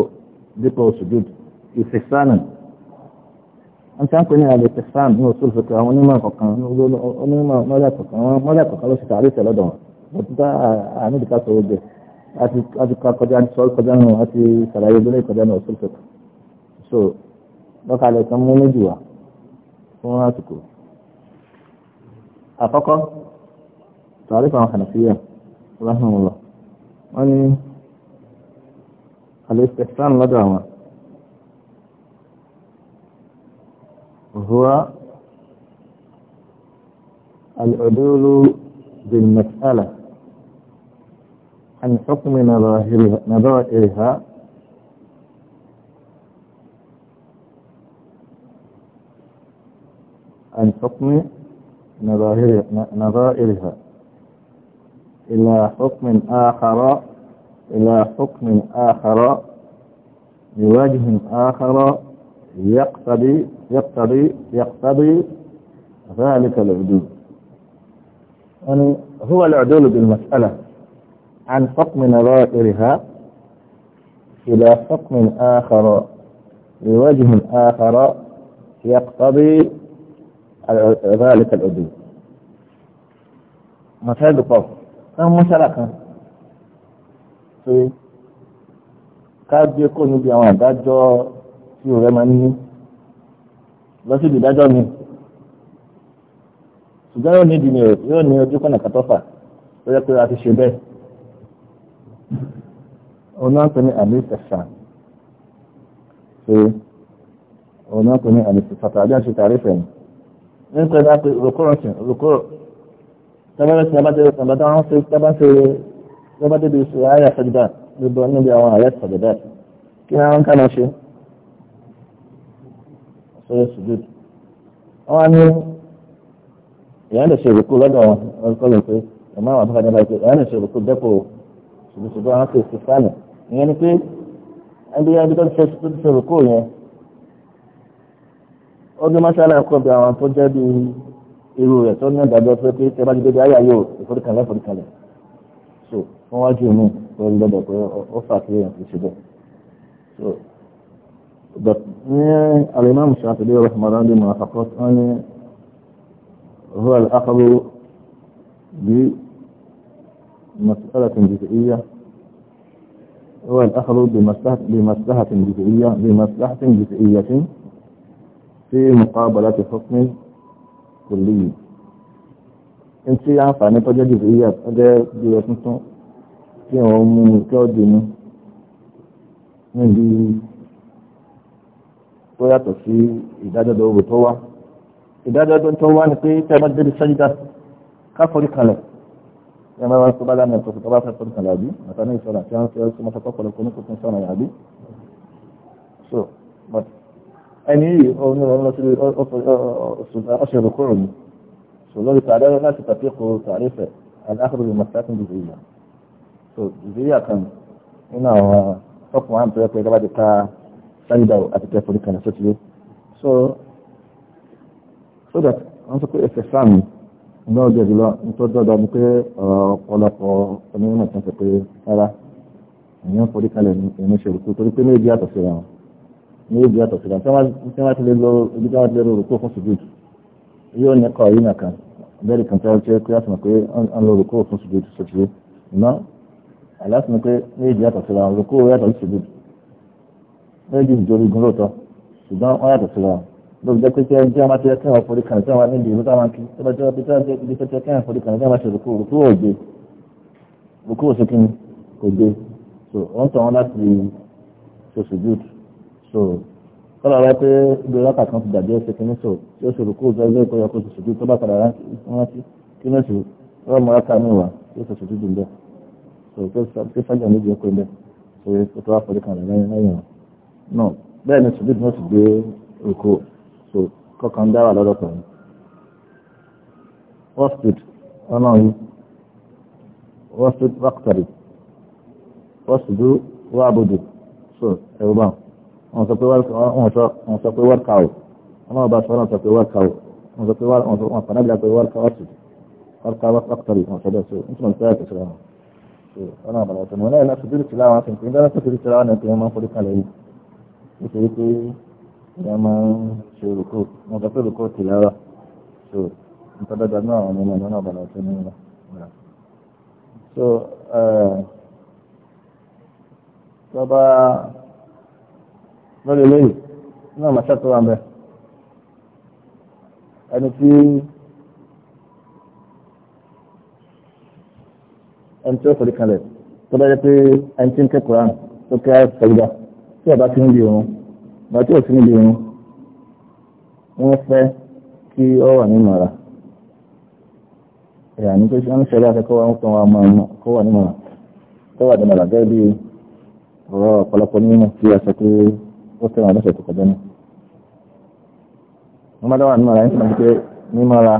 dípò sujud ìfẹ̀sán wọ́n ti ń pè ní àlè ìfẹ̀sán ní òṣèlú fẹ́kẹ́ àwọn onímọ̀ kọ̀ọ̀kan onímọ̀ mọ́lẹ̀ kọ̀ọ̀kan ló ṣe tààrí ìṣẹ̀lọ́dọ̀ wọn àti kọjá àti sọ kọjá nù àti sàlàyé gbélé kọjá nù ọ̀sùn tó so lọ́kàlẹ̀ kan mú méjì wá fún àsìkò àkọ́kọ́ tààrí fún àwọn hànàfíà rahmanullah wọ́n ní alẹ́sẹ̀sán lọ́dọ̀ àwọn هو العدول بالمسألة عن حكم نظائرها, نظائرها عن حكم نظائرها إلى حكم آخر إلى حكم آخر بوجه آخر يقتضي يقتضي يقتضي ذلك العدول يعني هو العدول بالمسألة عن حكم نظائرها إلى حكم آخر لوجه آخر يقتضي ذلك العدول مثال قول كان مشاركة káàbí kò níbi àwọn àdájọ́ tí ò rẹ máa ń ní lọ sí ìdájọ́ mi ṣùgbọ́n yóò ní ìdí ni yóò ní ojú kọ́nà kàtọ́fà tó yẹ pé a ti ṣe bẹ́ẹ̀ onáàpẹ̀ ní àlẹ́sẹ̀ṣà ṣe onáàpẹ̀ ní àlẹ́sẹ̀ṣà tàbí àṣẹ tàrífẹ̀ ní pẹ̀lú àpẹ rọ̀kọ́rọ̀sìn rọ̀kọ́rọ̀ tẹ́bẹ̀rẹ̀sìn abájẹ́rẹ̀ tàbí àwọn ṣe tábà ṣe lọ́bá débi ṣe àyà sẹ́gbà gbogbo níbi àwọn àyà sẹ́gbà kí wọ́n kánà ṣe ṣe sùdùd wọ́n ní ìyá lè ṣe ìrùkú lọ́dọ̀ wọn ọkọ̀ lè pé ẹ̀mọ́ àwọn àbúkà nípa ìpè ìyá lè ṣe ìrùkú dẹ́pọ̀ ṣùgbọ́n àwọn kò sí sálẹ̀ ìyẹn ni pé ẹbí ẹbí tó ti ṣe rúkú yẹn ó ní mọ́ṣálá ẹ̀kọ́ bí àwọn tó jẹ́ bí irú rẹ̀ tó ní ìdájọ́ pé pé tẹ́ bá ti débi ayà yóò ìforíkalẹ̀ ìforíkalẹ̀ so wọ́n wájú mi pẹ̀lú lọ́dọ̀ pé ó fà kí èèyàn fi ṣe bẹ́ẹ̀ so but ní alimami ṣàtúndé rahmadan bí mọ̀ àkọ́kọ́ wọn ní rural akabu bí masalatu والأخذ بمصلحة بمصلحة جزئية بمصلحة جزئية في مقابلة حكم كلي. إن شاء الله فأنا بجد جزئية أجا جزئية في يوم كودين من دي ويا تسي إذا جدوا بتوه إذا جدوا بتوه نقي تمدد السجدة كفر كله yẹn bá wá tó bá dá mẹ́rin tọkùtọ̀ bá fẹ́ tọdún kan làbí àtàní ìsọ̀rọ̀ àti àwọn ìṣẹ́ ọmọ tọkọ̀ pọ̀lọpọ̀ ní kòkun sọ̀rọ̀ yàbí. so but ẹni yìí ọ̀nà ọ̀nà ti ọ̀ṣẹ̀ rẹ̀ kúrò ní so lórí tààrẹ láti tàbí kò tààrẹ fẹ̀ aláàkùrù ní mọ̀tàkùn jìbìyà so jìbìyà kan nínú àwọn tọkùn wa ń tọ́ pé dábàá ti ta sáyidà àti tẹ́fọ̀rí kan ní sọ́tìlẹ́ so so that wọ́n sọ pé ẹ̀fẹ̀ sáà mi náà jẹ́ jùlọ tó dọ́dọ̀ ní pé ọ̀pọ̀lọpọ̀ onímọ̀ kan sọ pé rárá èèyàn forí kalẹ̀ ní ìmúṣe òkú torí pé méjì yàtọ̀ síra wọn méjì yàtọ̀ síra tí wọ́n ti lè lọ ibi tí wọ́n ti lè lọ òkú fún sùdùd yóò ní kọ̀ yìí nàkan bẹ́ẹ̀ kan tó ṣe pé àtúnmọ̀ pé wọ́n lọ òkú fún sùdùd sọ̀tìwé ìná aláṣùmọ̀ pé méjì yàtọ̀ síra wọn òkú yàtọ̀ sùdùd méjì ìjọ ló jẹ́ pé kẹ́ jẹ́ máa ti ẹkẹ́ wọn forí kan sẹ́wọ̀n níbi ìlú táwọn kí tó bá jẹ́ pé tẹ́ ibi tó tẹ́ kẹ́yìn forí kan sẹ́wọ̀n máa ṣe rúkú rúkú òde rúkú òsìkín kò dé so wọ́n tọ̀ wọ́n láti ṣe so kọ́lá rẹ pé ibi kan ti dàbí kìíní so tí ó ṣe rúkú òjò ẹgbẹ́ ìkọ́ kó ṣe sùjúd tó bá padà rántí kí ní sùn ọlọ́ mọ mi wà tí ó ṣe so sájà ẹkọ tó wá forí lẹ́yìn náà bẹ́ẹ̀ ni sì gbé rúkú. so kọkàn dá wà lọ́dọ̀ tọ̀hún. wọ́sùd ọlọ́run wọ́sùd wákùtàrí wọ́sùd wà àbùdù so ẹ̀rù bá wọn sọ pé wọ́rkàwò ọlọ́run bá sọ wọn sọ pé wọ́rkàwò wọn sọ pé wọn fànà bí i pé wọ́rkàwò wọ́rkàwò wákùtàrí wọn sọ bẹ́ẹ̀ so n tún sọ ẹ̀kọ́ sọ́wọ́n ọ̀nà àbàlẹ̀ ọ̀tọ̀ mọ̀ náà láti dúró tìlá àwọn akẹ́kọ̀ọ́ ìdára tó dúró tìlá àwọn akẹ́kọ̀ọ́ máa ń forí kalẹ̀ yìí nítorí pé ìyá máa ń ṣe rúkú wọn sọ pé rúkú ti lọ́rọ̀ so nǹkan dọ́gba náà àwọn ọmọ ìlú náà bọ̀lọ̀ tó ní ìlọ. so tọ́ba lórí lóyè náà màá ṣètò wa bẹ́ẹ̀ ẹni tí ẹni tí ó forí kalẹ̀ tó bá yẹ pé ẹni tí ń kẹ́kọ̀ọ́ àrùn tó kẹ́ àìsàn ìgbà tí ọba ti ń di òun bàtí ò sí níbi òun wọ́n fẹ́ kí ó wà ní mọ̀ra ìyà ní pé wọ́n ṣẹlẹ̀ àti kọ́wà ń pọ̀ wọn mọ̀ kó wà ní mọ̀ra tó wà ní mọ̀ra gẹ́gẹ́ bí ọ̀rọ̀ ọ̀pọ̀lọpọ̀ mímọ̀ tí a sọ pé ó tẹ̀wọ̀n lọ́sẹ̀ tó kọjá náà wọ́n bá dáwà ní mọ̀ra ń sọ pé mímọ̀ra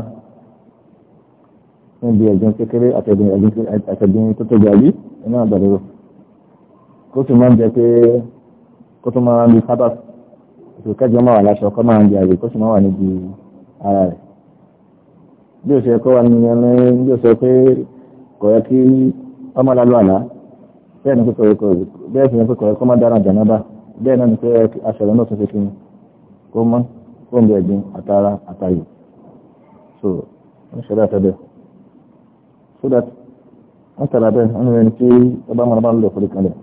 níbi ẹ̀gbìn kékeré àtẹ̀gbìn tó tó gàrí iná àgbàlérò kó sì máa ń jẹ pé kó tó máa ń bí sábà ètò kẹjọ máa wà láṣọ kọ́ máa ń di àgbè kó sì máa wà níbi ara rẹ̀ bí ó ṣe kọ́ wa nínú ẹni bí ó ṣe pé kò yẹ kí ọmọ lálù àlá bẹ́ẹ̀ ni pé kò yẹ kó má dára jànábà bẹ́ẹ̀ náà ni pé aṣọ rẹ̀ náà tún ṣe kí ni kó mọ́ kó ń bẹ ẹ̀gbin àtara àtayò so ń ṣe dáta bẹ́ẹ̀ so that wọ́n tara bẹ́ẹ̀ wọ́n rẹ̀ ní kí ọba mọ́ra bá lọ forí kalẹ̀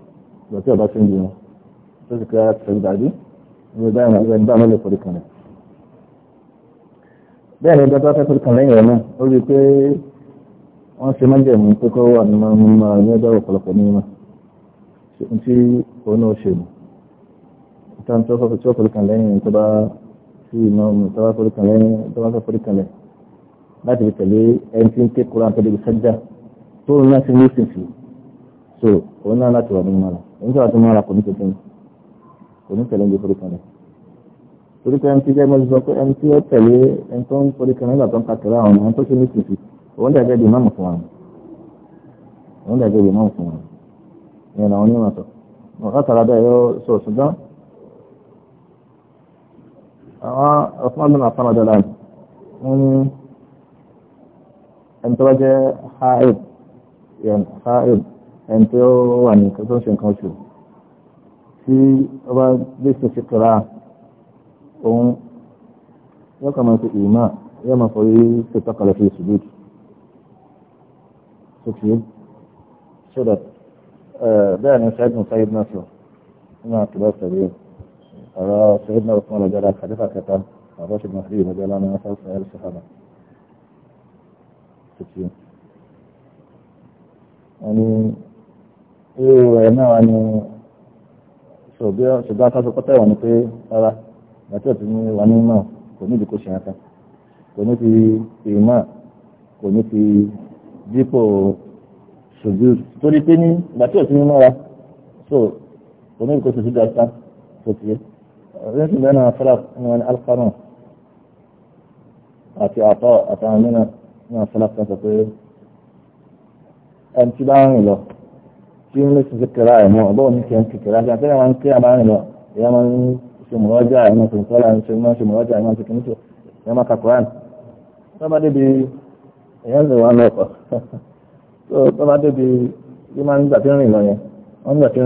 lọ́tí ọba ṣe ń jìnnà tó sì kí ara tẹ̀lé dàbí bẹ́ẹ̀ ni dọ́tọ́ fẹ́ forí kan lẹ́yìn rẹ̀ náà ó rí i pé wọ́n ṣe májẹ̀mú pé kó wà nínú mímọ́ ní ọjọ́ ọ̀pọ̀lọpọ̀ ní mímọ́ tí òun náà ṣe mú ìtàn tó fẹ́ tí ó forí kan lẹ́yìn tó bá sí ìmọ̀ mi tó bá forí so òun náà láti wà nínú mọ́ra òun tó wà onítẹ̀lé ń gbé forí kan lẹ̀ torí pé ẹni tí jẹ́ mọ́tò sọ pé ẹni tí ó tẹ̀lé ẹni tó ń forí kan nígbà tó ń ka kẹrẹ àwọn ẹni tó ṣe ní tìsí òun dẹ̀ gẹ́gẹ́ bí máàmù fún wọn òun dẹ̀ gẹ́gẹ́ bí máàmù fún wọn ìyẹn làwọn onímọ̀ látara bẹ́ẹ̀ yóò sọ ṣùgbọ́n àwọn ọ̀sán lọ́nà àfọ̀nàdọ́là wọn ní ẹni tó bá jẹ́ haib ẹni tó wà ní kẹsàn-án ṣe nǹkan oṣù tí ọba gbèsè ṣe kìlá òun yóò kà máa ṣe ìmá yóò máa fọyí ṣe tọkàlẹ̀ fi ṣùgbọ́n ṣùkì so that bẹ́ẹ̀ ni ṣáàdùn sáyid náà sọ nínú àkìlọ́ sẹ̀rí ọ̀rọ̀ sáyid náà fún ọlọ́jọ́ra kàdífà kẹta ọ̀rọ̀ ṣe máa rí ìrọ̀jọ́ lánàá wọn sáà sọ̀rọ̀ sọ̀rọ̀ ṣùkì wọ́n ní irú náà ni ṣùgbọ́n aṣáájú pátá ìwà ni pé rárá ìgbàtí ọ̀tún ní wà ní náà kò ní ìdíkò ṣìyàn kan kò ní fi ìmọ̀ kò ní fi dípò ṣojú torí pé ní ìgbàtí ọ̀tún ní mọ́ra so kò ní ìdíkò ṣojú dáta tó ti yé ọ̀rẹ́ sì lẹ́nu afárá ní wọn ni alkanu àti àtọ́ àtàwọn mìíràn ní afárá kan sọ pé ẹni tí bá ń rìn lọ tí ń lè ti ṣe kẹra ẹ̀ mọ́ ọ̀bọ̀ ní kẹ́ ń ti kẹra ṣe àtẹ́yà máa ń kí àmà rìn lọ ìyá máa ń ṣe mọ̀rọ́jà ẹ̀ máa ń ṣe mọ̀rọ́jà ẹ̀ máa ń ṣe mọ̀rọ́jà ẹ̀ máa ń ṣe kìíní ìyá máa ka Quran tó bá débi ẹ̀yẹ́ ń wà lọ́kọ̀ tó bá débi bí máa ń gbà tí ń rìn lọ yẹn wọ́n ń gbà tí ń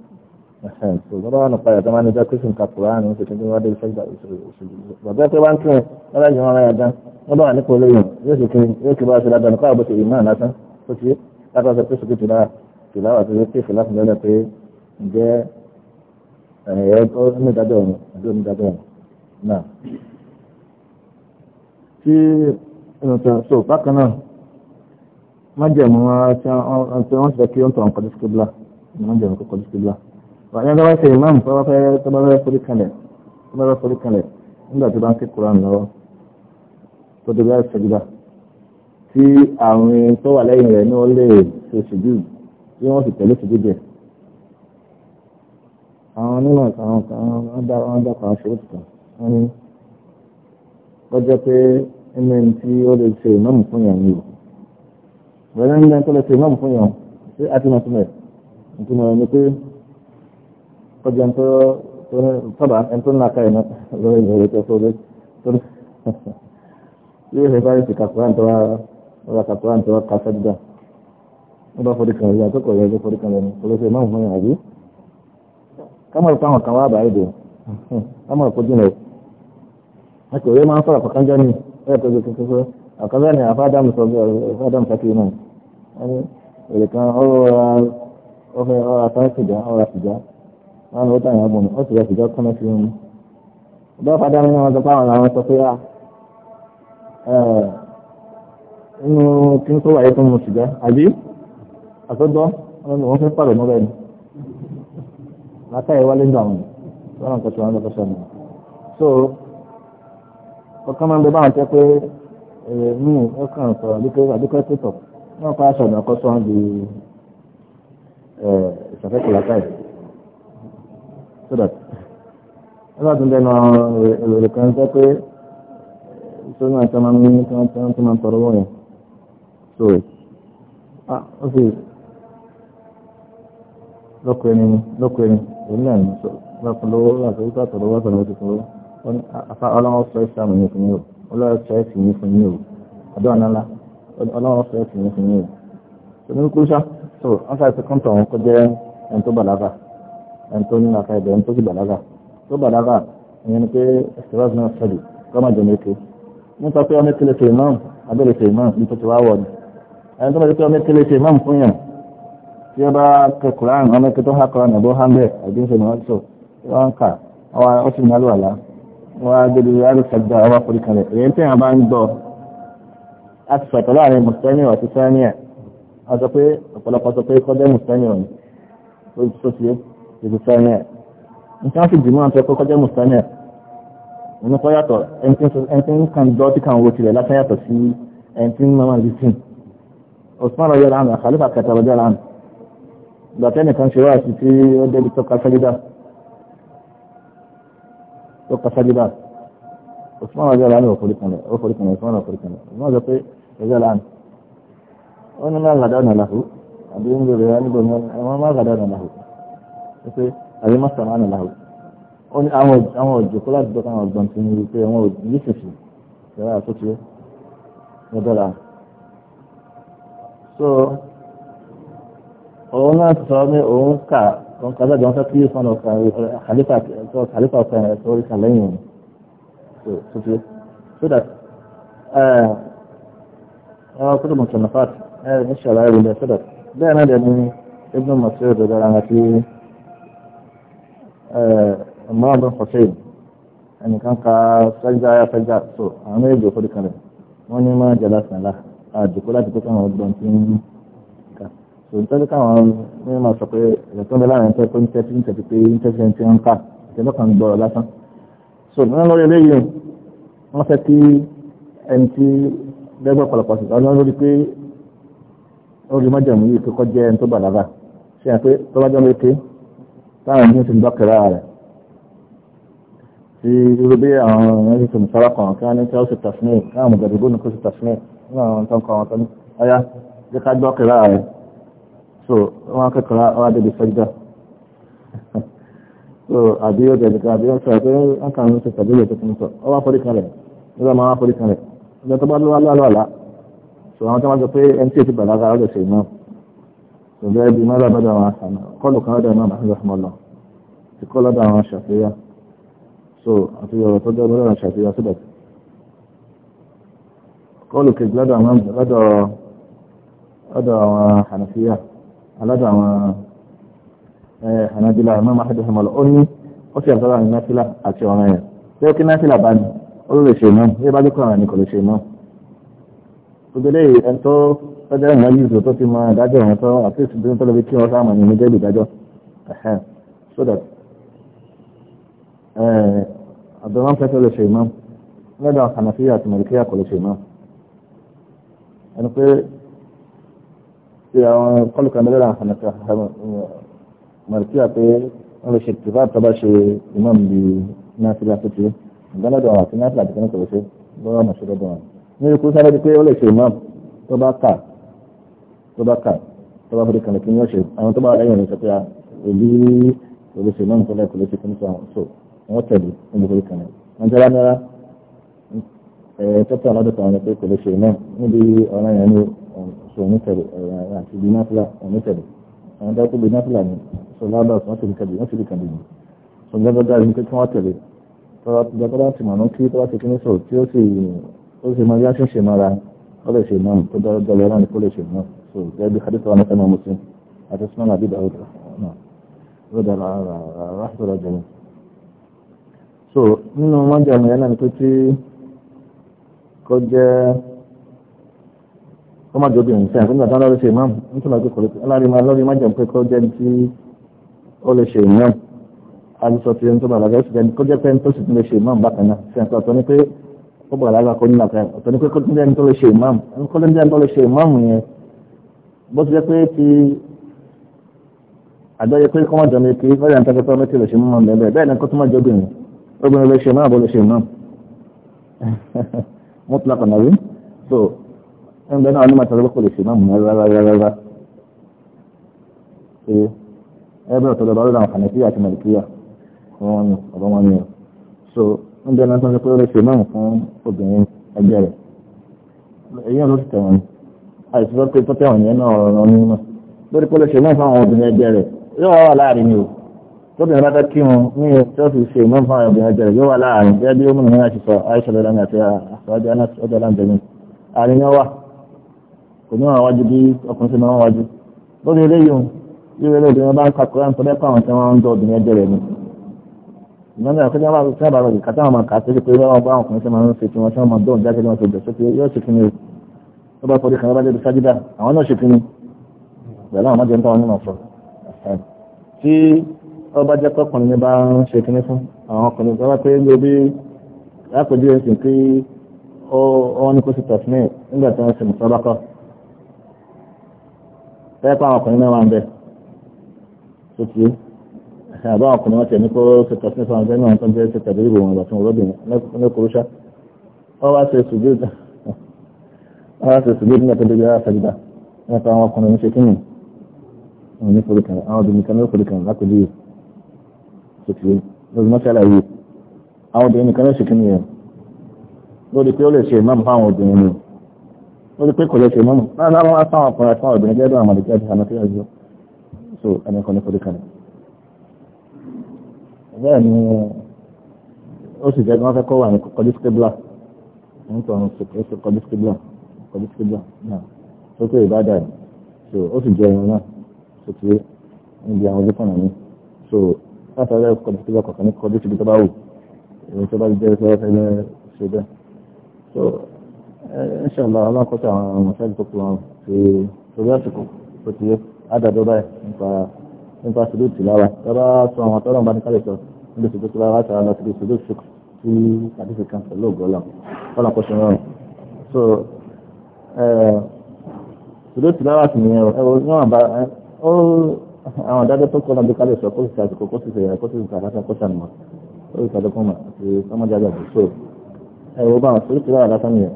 ṣùgbọ́n báwọn nípa ìyàtọ̀ máa ń jẹ́ kírísìn kakura ní oṣù tuntun wọ́n dé iṣẹ́ ìgbà òṣèlú òṣèlú bàbá pé wọ́n ń tún wọ́n láti wọn ráyà dán wọ́n bá wà nípa olóyè yóò sì kiri yóò kí bá ṣe dáadáa nípa àbọ̀ṣe ìmọ̀ lásán tó ṣe látọ̀ sọ pé sókè tìlá tìlá wà tó ṣe pé fìlà fún lọ́lẹ̀ pé ǹjẹ́ ẹ̀yẹ ó ní ìdájọ́ ọ̀run àbí ó ní ìdájọ́ ọ̀run náà. tí ìrìnsẹ̀ so bákan náà májẹ̀mú wọn ṣe wọ́n ṣe fẹ́ kí ó ń tọ̀ ọ́n kọjú sí kíbla májẹ̀mú kọjú sí kíbla wàyà tó bá ṣe ìmáàmù tó bá fẹ́ tó bá fẹ́ forí kalẹ̀ tó bá fẹ́ forí kalẹ̀ nígbà tó bá ń ké koran lọ́wọ́ tó tó bá ṣe gbà tí àwọn tó wà lẹ́yìn rẹ̀ ní ó lè ṣe ṣùjú tí wọ́n sì tẹ̀lé ṣùjú jẹ àwọn onímọ̀ àwọn kan wọ́n dá wọn dá kan ṣòwò kan wọ́n ní wọ́n jẹ́ pé ẹni tí ó lè ṣe ìmáàmù fún yàn ni o bẹ̀rẹ̀ ń lẹ́yìn tó lè ṣe ìmáàmù fún yàn ṣé àti mọ̀túnmẹ̀ ìtumọ̀ rẹ̀ ni pé ọjọ́ tó tọ́ba ẹni tó ń nàka ìná lórí ìròyìn tó tó lé tó yóò ṣe bá ìsìnkà kúrán tó wá ọlọ́kà kúrán tó wá ká sẹ́dúgà wọ́n bá forí kan lórí àtọ́kọ̀ yẹn ló forí kan lórí olóṣèlú máa ń fún yàrá yìí kámọ̀rù pàwọn kan wá bàá ìdè kámọ̀rù kó jìnà ẹ̀kọ́ yẹn máa ń sọ̀rọ̀ kọ̀kan jẹ́ ni ẹ̀ tó dùn tuntun àkọ́bẹ́ ni àfádàm sọ bí àfádàm kàkiri náà èrè kan ọ̀rọ̀ ọ̀fẹ́ ọ̀rọ̀ àtàkùjà ọ̀rọ̀ àtìjà wọn ni ó tàn yàn bọ̀ ní ó sì rẹ̀ sì jọ kọ́nà sí wọn. ọ̀dọ́ fadá nínú wọn sọ pé àwọn làwọn sọ pé à nínú tí ń kó wáyé tó mu ṣùgbọ́n àbí àtọ́jọ́ wọn ni wọ́n fẹ́ pàrọ̀ mọ́ ni látàyè wálé ń dà wọn lọ́nà kọ̀ṣọ́ wọn lọ́kọ̀ṣọ́ mi. so ọkàn máa ń bẹ báwọn tẹ́ pé mí ó kàn sọ̀rọ̀ àdúkẹ́ àdúkẹ́ tó tọ̀ wọ́n pa aṣọ ìdàkọ́sọ́ di ìṣàfẹ́kù látàyè so that nígbà tó ń dẹnu èrò kan sọ pé sórí náà tán máa ń ní tán tó máa ń tọrọ wọ̀ yẹn so ah ó sì lọ́kọ̀ ẹni lọ́kọ̀ ẹni òun náà ní lọ́kọ̀ lọ́wọ́ láti orí pàtó lọ́wọ́ sọ̀rọ̀ ti sọ̀rọ̀ wọn afa ọlọ́wọ́ sọ ẹ̀sì àmì yẹn fún yìí o ọlọ́wọ́ sọ ẹ̀sì yẹn fún yìí o ọlọ́wọ́ sọ ẹ̀sì yẹn fún yìí o so ní kúrúṣà so wọ́n fà ẹni na ní àká ẹ̀bẹ̀ ẹni balaga, sì bàlágà tó bàlágà ìyẹn ni pé ẹ̀sìtìrọ́sì náà sọ̀dì kọ́mà jẹ̀mẹ́kẹ́ nípa pé ọmọ ìkẹlẹ̀ ṣe imam abẹ́rẹ́ ṣe imam ní tuntun wáwọ̀ ni ẹni tó bá jẹ́ pé ọmọ ìkẹlẹ̀ ṣe imam fún yàn tí ó bá kẹ kuran ọmọ ìkẹ tó há kuran ẹ̀bọ́ hambẹ́ àbí ṣe mọ́ ṣọ wọn kà ó sì nálù àlá wọn á gbé lórí àrùn sàgbà ọwọ́ àforí kalẹ̀ èyí tí a ti sọ̀tọ̀ láàrin mùsùlùmí àti sẹ́ni ẹ̀ wọ́n sọ pé ọ̀pọ̀lọpọ̀ sọ ibi sẹ́nẹ̀ nǹkan sì jùmọ̀ àti ẹ̀kọ́ kọjá mùsẹ́nẹ̀ òun kọ́ yàtọ̀ ẹni tí ń kàn dọ́ tí kàn wo tirẹ̀ lásán yàtọ̀ sí ẹni tí ń mọ́mọ́ ibi sìn Osman rọjò lánàá àkàlùfà kẹta rọjò lánàá ìgbà tẹ́nìkan ṣe wá sí tí ó débi tó kásájídà tó kásájídà Osman rọjò lánàá òforíkanlẹ̀ òforíkanlẹ̀ Osman òforíkanlẹ̀ Osman rọjò pé rọjò lánàá ó ní má wípé àyè má sàmánà làwọn ó ní àwọn òjò kó láti dọ́ka àwọn ọ̀gbọ́n tó ń wípé àwọn òjò nísinsìnyí ìyára àtúntò yẹn dọ́là so òun náà sọ ní òun kà òun kà lọ́dọ̀ wọn fẹ́ kí yóò fọ́nà ọ̀kan khalifa khalifa ọ̀kan ẹ̀ tó rí kan lẹ́yìn òun so tuntun so that ẹ̀rọ eh, kúrò mọ̀tò nàfàt ẹ̀rọ ìṣẹ̀lẹ̀ ẹ̀rọ ìlẹ̀ so that bẹ́ẹ̀ náà dẹ̀ ní ibùdó mọ̀tò ìdọ̀dọ̀ àwọn Eh, Imran bin Hussein ẹnìkan ka sẹ́jà ayá sẹ́jà so àwọn méjì òfòdì kan rẹ̀ wọ́n ní máa jẹ́ lásán lá àdìkú láti kó káwọn ọgbọ́n tí ń yí ká so n tẹ́lẹ̀ káwọn ní máa sọ pé ẹ̀rọ tó ń bẹ láàrin tẹ́ pé ń tẹ́tí ń tẹ́tí pé ń tẹ́tí ń tẹ́ ń ká ìtẹ́lẹ̀ kan gbọ́rọ̀ lásán so nínú lórí eléyìí wọ́n fẹ́ kí ẹni tí lẹ́gbẹ́ ọ̀pọ̀lọpọ̀ sí ọ̀nà lórí pé ó rí mọ́jọ̀mú yìí tó kọjá ẹni tó bàlágà ṣe é pé tó bá jọ́ mi pé táwọn ènìyàn ti ń dọ́kẹ̀rẹ́ rẹ̀ tí irú bí àwọn ènìyàn ti tún sára kan kí wọ́n ní kí wọ́n ṣe tàfínì káwọn mọ̀gàdìgbò ní kó ṣe tàfínì nínú àwọn tó ń kọ́ àwọn tó ní ọyá jẹ́ ká dọ́kẹ̀rẹ́ rẹ̀ so wọ́n kẹ́kọ̀ọ́ wá débi sẹ́jọ́ so àbí ó jẹ̀bi kan àbí ó sọ pé wọ́n kàn ń ṣe tàbí ìlú tuntun sọ ọ wá forí kanlẹ̀ nígbà máa wá forí kanlẹ̀ ìjọ so àwọn tó máa sọ pé ẹni tí ò ti gẹ́gẹ́ bí mọ́dà bọ́dà àwọn àṣàmà kọlù kan lọ́dà náà àti ìrọ̀fún ọlọ́ ti kọ́ lọ́dà àwọn àṣàfíyà so àti ọ̀rọ̀ tó jẹ́ lọ́dà àṣàfíyà síbẹ̀ kọlù kejì lọ́dà àwọn lọ́dà àwọn àṣàfíyà alọ́dà àwọn ànàbílà àwọn àti ìrọ̀fún ọlọ́ ó ní ó sì àtọ́lá ní náfìlà àti ọ̀rọ̀ yẹn tí ó kí náfìlà bá ní ó lè ṣe mọ́ bí ó bá dé kọ́ àwọn ẹni kò lè ṣe mọ́ ògbélé ẹni tó tọ́jú ẹ̀mọ́ yìí tó ti mọ ìdájọ́ ìwọ̀n tó àfíìsì tó ń tọ́lọ́ bí kí wọ́n sáà mọ̀ ní méjèèjì ìdájọ́ so that eh, abdulrahman fẹ́fẹ́ lè ṣe imam lẹ́dọ̀ hanafiya àti malikiya kò lè ṣe imam ẹni pé tí àwọn kọlùkà mẹ́lẹ́dọ̀ hanafiya malikiya pé wọ́n lè ṣe tìfá tọ́ba ṣe imam bíi náà sílẹ̀ àti tìlẹ̀ ìgbàlódé àwọn àti náà sílẹ̀ àti kẹ́ni kò lè ṣe lọ́wọ́ àmọ̀ṣẹ́dọ́gbọ̀n ní ikú sáré di pé ó lè ṣe imam tó bá kà tó bá kà tó bá fẹ́ di kànlẹ̀kì ní ọ̀ṣẹ̀ àwọn tó bá rẹ̀ yẹn sọ pé ah, èlú kò lè ṣe imam tó lẹ́kọ̀ọ́ lè ṣe kí ní sọ àwọn so wọ́n tẹ̀lé níbi orí kànlẹ̀ wọ́n jẹ́ lámẹ́ra tọ́tà lọ́dọ̀ kan pé kò lè ṣe imam níbi ọ̀rọ̀ yẹn ní ṣò ní tẹ̀lé àti bí náfìlà ní tẹ̀lé àwọn dákú bí náfìlà ní sọ lábà wọ́n ti di kànlẹ̀ wọ́n ti di kànlẹ̀ yìí sọ lọ́dọ̀ dáa ní pé kí wọ́n tẹ̀lé tọ́lá ti mọ̀ ní kí tọ́lá ti kí ní sọ tí ó sì ó sì mọ bí a ṣe ń ṣe mọ́ra ó lè ṣe náà tó dọ́lọ́ náà ni kó lè ṣe náà so gẹ́gẹ́ bí hadith wa mẹ́ta mọ́ muslim àti sunan àbí dàrú náà ó dára ráṣọ́rọ̀ jẹun so nínú mọ́jà mi yẹn náà ni pé tí kó jẹ́ kó má jọ bìnrin sẹ́yìn nígbà tí wọ́n lọ́ọ́ ṣe ìmáàmù nítorí àgbẹ̀ kòlẹ́tì aláàrin máa lọ́ọ́ má jẹun pé kó jẹ́ tí ó lè ṣe ìmáàmù àti sọ ti ẹni tó bàlágà ó sì kó jẹ́ pé ẹni tó sì ti lè ṣe ìmáàmù bákan náà sẹ́yìn tó àtọ́ ni pé ó bọ̀ lágbà kó nígbà kan ọ̀tọ̀ ní pé kọ́tún jẹ́ nítorí ṣe ìmáàmù ẹni kọ́tún jẹ́ nítorí ṣe ìmáàmù yẹn bó ti jẹ́ pé ti àjọyẹ pé kọ́mọ̀ jọ mi kì í fẹ́rẹ̀ nítorí pé mẹ́tì lè ṣe mímọ́ bẹ́ẹ̀ bẹ́ẹ̀ ni kọ́tún mọ́ jọ́bìnrin obìnrin lè ṣe ìmáàmù lè ṣe ìmáàmù mo tún lápá nàrí so ẹgbẹ́ náà ní màtàrí kò lè ṣe ìmáàmù rárá rárá ẹgbẹ́ ọ̀tọ̀ lọ́dọ̀ àwọn kànẹ́fíà àti mẹ̀lìkíà ọ̀rọ̀ wọn ni ọ̀rọ̀ wọn ni so ń bẹ̀rẹ̀ sọ́nà pé ó lè ṣe márùn fún obìnrin ẹgbẹ́ rẹ̀ èyí ló ti tẹ̀wọ̀n àìsí ló pé tó tẹ̀wọ̀n yẹn náà ọ̀rọ̀ ní mọ̀ lórí pé ṣe márùn fáwọn obìnrin ẹgbẹ́ rẹ̀ yóò wà láàrin ni o tóbìnrin bá fẹ́ kí wọn ní tó fi ṣe márùn fáwọn obìnrin ẹgbẹ́ rẹ̀ yóò wà láàrin bí ẹbí ọmọ nìyẹn àṣìṣọ àìṣọ lọ́dọ̀ àti àṣọjọ́ ọjọ́ láǹdẹ̀mí àárín náà wà kò ní wọn wájú bí ọkùnrin sí máa ń wájú lórí ni ìgbàgbà àti ìjọba àti ìjọba àti ìkàtà àwọn àkàtà sí pé wọ́n bá ọkùnrin tí wọ́n ń ṣe tí wọ́n sọ́mọ dọ́ọ̀ jáde wọn ṣèjọ sókè yóò ṣe kí ni ó bá forí kan bá débi sájídà àwọn náà ṣe kí ni pẹ̀lú àwọn ọmọdé ń tọ́ nínú ọ̀sọ̀ tí ó bá jẹ́ pọ́kùnrin ní bá ń ṣe kí ni fún àwọn ọkùnrin tó wá pé ló bí lápòjú ẹ̀sìn kí ó ní kó sì tọ̀ sílẹ̀ nígbà tí wọ́n ṣe mùsọ́ bá kọ́ fẹ́ pa àwọn ọkùnrin náà wà ń bẹ̀ àbá ọkùnrin wọn tẹ̀mí kó ṣètò sí fún ọjọ́ náà tó ń jẹ́ ṣètò ìbò wọn ìbàtún olóbìn ní kúrúṣà wọ́n wá ṣe sùjúdù wọ́n wá ṣe sùjúdù nígbà tó dé yàrá sàjúdà nípa àwọn ọkùnrin ṣe kí ni àwọn oníforí kan àwọn obìnrin kan ní oníforí kan lápẹ̀lú yìí ṣe kí lórí mọ́ṣálà yìí àwọn obìnrin kan ní ṣe kí ni yẹn lórí pé ó lè ṣe ìmáàmù fáwọn obìnrin ni lórí pé kò lè ṣe ìmáàmù náà láwọn wá fáwọn ọkùnrin àti fáwọn obìnrin gẹ́gẹ́ bí àwọn àmàlẹ́kẹ́ àti àmàlẹ́kẹ́ ọjọ́ so ẹnìkan ní forí kan ni bẹ́ẹ̀ ni ó sì jẹ́ wọ́n fẹ́ kọ́ wà ní kọjú skébùlà nítorí wọn sì kọjú skébùlà kọjú skébùlà náà tó tó ìbádà yìí so ó sì jẹ́ irun náà tó ti níbi àwọn ojú kànáà ní so láti ọjọ́ kọjú skébùlà kọ̀ọ̀kan ní kọjú síbi tó bá wù èyí tó bá jẹ́ tó fẹ́ fẹ́ ṣe bẹ́ẹ̀ so inṣàlá alákọ̀ọ́tà àwọn ọmọ sẹ́ẹ̀lì tó kù wọn ti torí àsìkò tó ti yẹ á dàdó báyìí nípa nípa sùdó tìláwà tọ́lá sọ àwọn tọ́lá ń bá ní kálẹ̀ sọ níbi sùdó tìláwà sọ̀rọ̀ lọ síbi sùdó ṣùkú tí àdéhùn kan pẹ̀lú ògọ́lá kọ́lá kó ṣe rọrùn. so sùdó tìláwà sì nìyẹn o ẹ̀rọ níwọ̀n bá ó àwọn adájọ́ tó kọ́ lọ́dún kálẹ̀ sọ kó sì ṣàṣìkò kó sì ṣèyàn kó sì ṣàṣàṣà kó ṣàmùmọ̀ sì ṣàdókùn mọ̀ àti sọmọdéjà bò so ẹ̀rọ bá wọn sùdó tìláwà lásán nìyẹn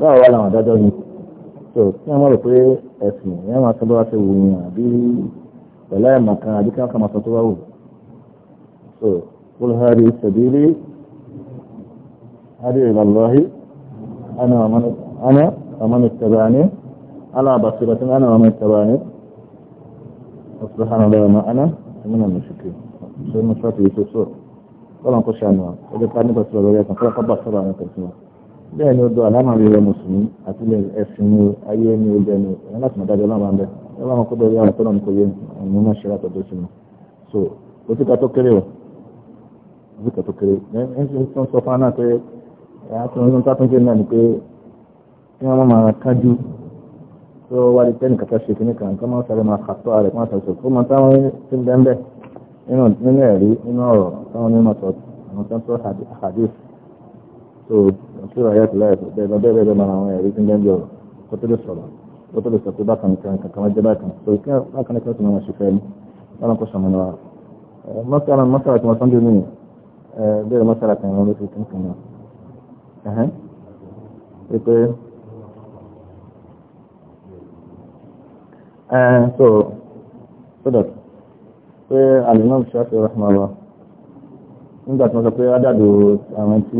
báwo wá làwọn adájọ́ yìí so kí wọ́n mọ̀ rò pé ẹ̀sìn ìyẹn máa sọ pẹ̀lú ẹ̀mọ̀ kan àbí ká kàmọ̀ tó wáwò so qul hadi sabili hadi ila Allahi ana wa man ittaba'ani ala basiratin ana wa man ittaba'ani subhanallahi wa ma ana min al-mushrikin so mo sọ ti so so kọ́lọ̀n kó ṣàánú ọjọ́ ká nípa sọ̀rọ̀ lórí ẹ̀kan kọ́lọ̀n kọ́ bá sọ̀rọ̀ àwọn ẹ̀kan bẹ́ẹ̀ ni ó dọ̀ alámàrí rẹ̀ mùsùlùmí àti ẹ̀sìn ní ayé ní ojú ẹni ẹ̀rọ láti mọ̀ dájọ́ náà máa ń bẹ́ẹ̀ ọlọ́run kó bẹ̀rẹ̀ ọ̀rọ̀ tọ́nà ní kò yé ní náà ṣe látọ̀ tó ṣe mọ́ so ó ti ká tó kéré o ó ti ká tó kéré ẹni tí wọ́n sọ fún aná pé àtúnṣe ń tàtúnṣe náà ni pé kí wọ́n máa kájú tó wá di tẹ́nì kàkà ṣe kìíní kan kí wọ́n sáré máa kàtọ́ ààrẹ kí wọ́n sáré sọ fún wọn táwọn ti ń bẹ́ẹ̀ nínú ẹ̀rí nínú ọ̀rọ̀ táwọn onímọ̀ sọ àwọn tó ń sọ hadith so ìṣúra ayé àtìláyà bẹ́ẹ̀ bẹ́ẹ̀ bẹ́ẹ̀ máa àwọn ẹ̀rí ti ń bẹ́ẹ̀ bí ọ̀rọ̀ kó tó lè sọ̀rọ̀ ó tó lè sọ pé bákan nìkan kankan wájẹ́ bákan so kí bákan nìkan tó máa ṣe fẹ́ ní lọ́nà wa mọ́sára mọ́sára tí wọ́n sọ́njú ní bẹ́ẹ̀ mọ́sára kan wọ́n ló fi kínkìn náà ẹ̀hẹ́n pé so so that pé alimam shafi rahmawa nígbà tí wọ́n sọ pé adádò àwọn tí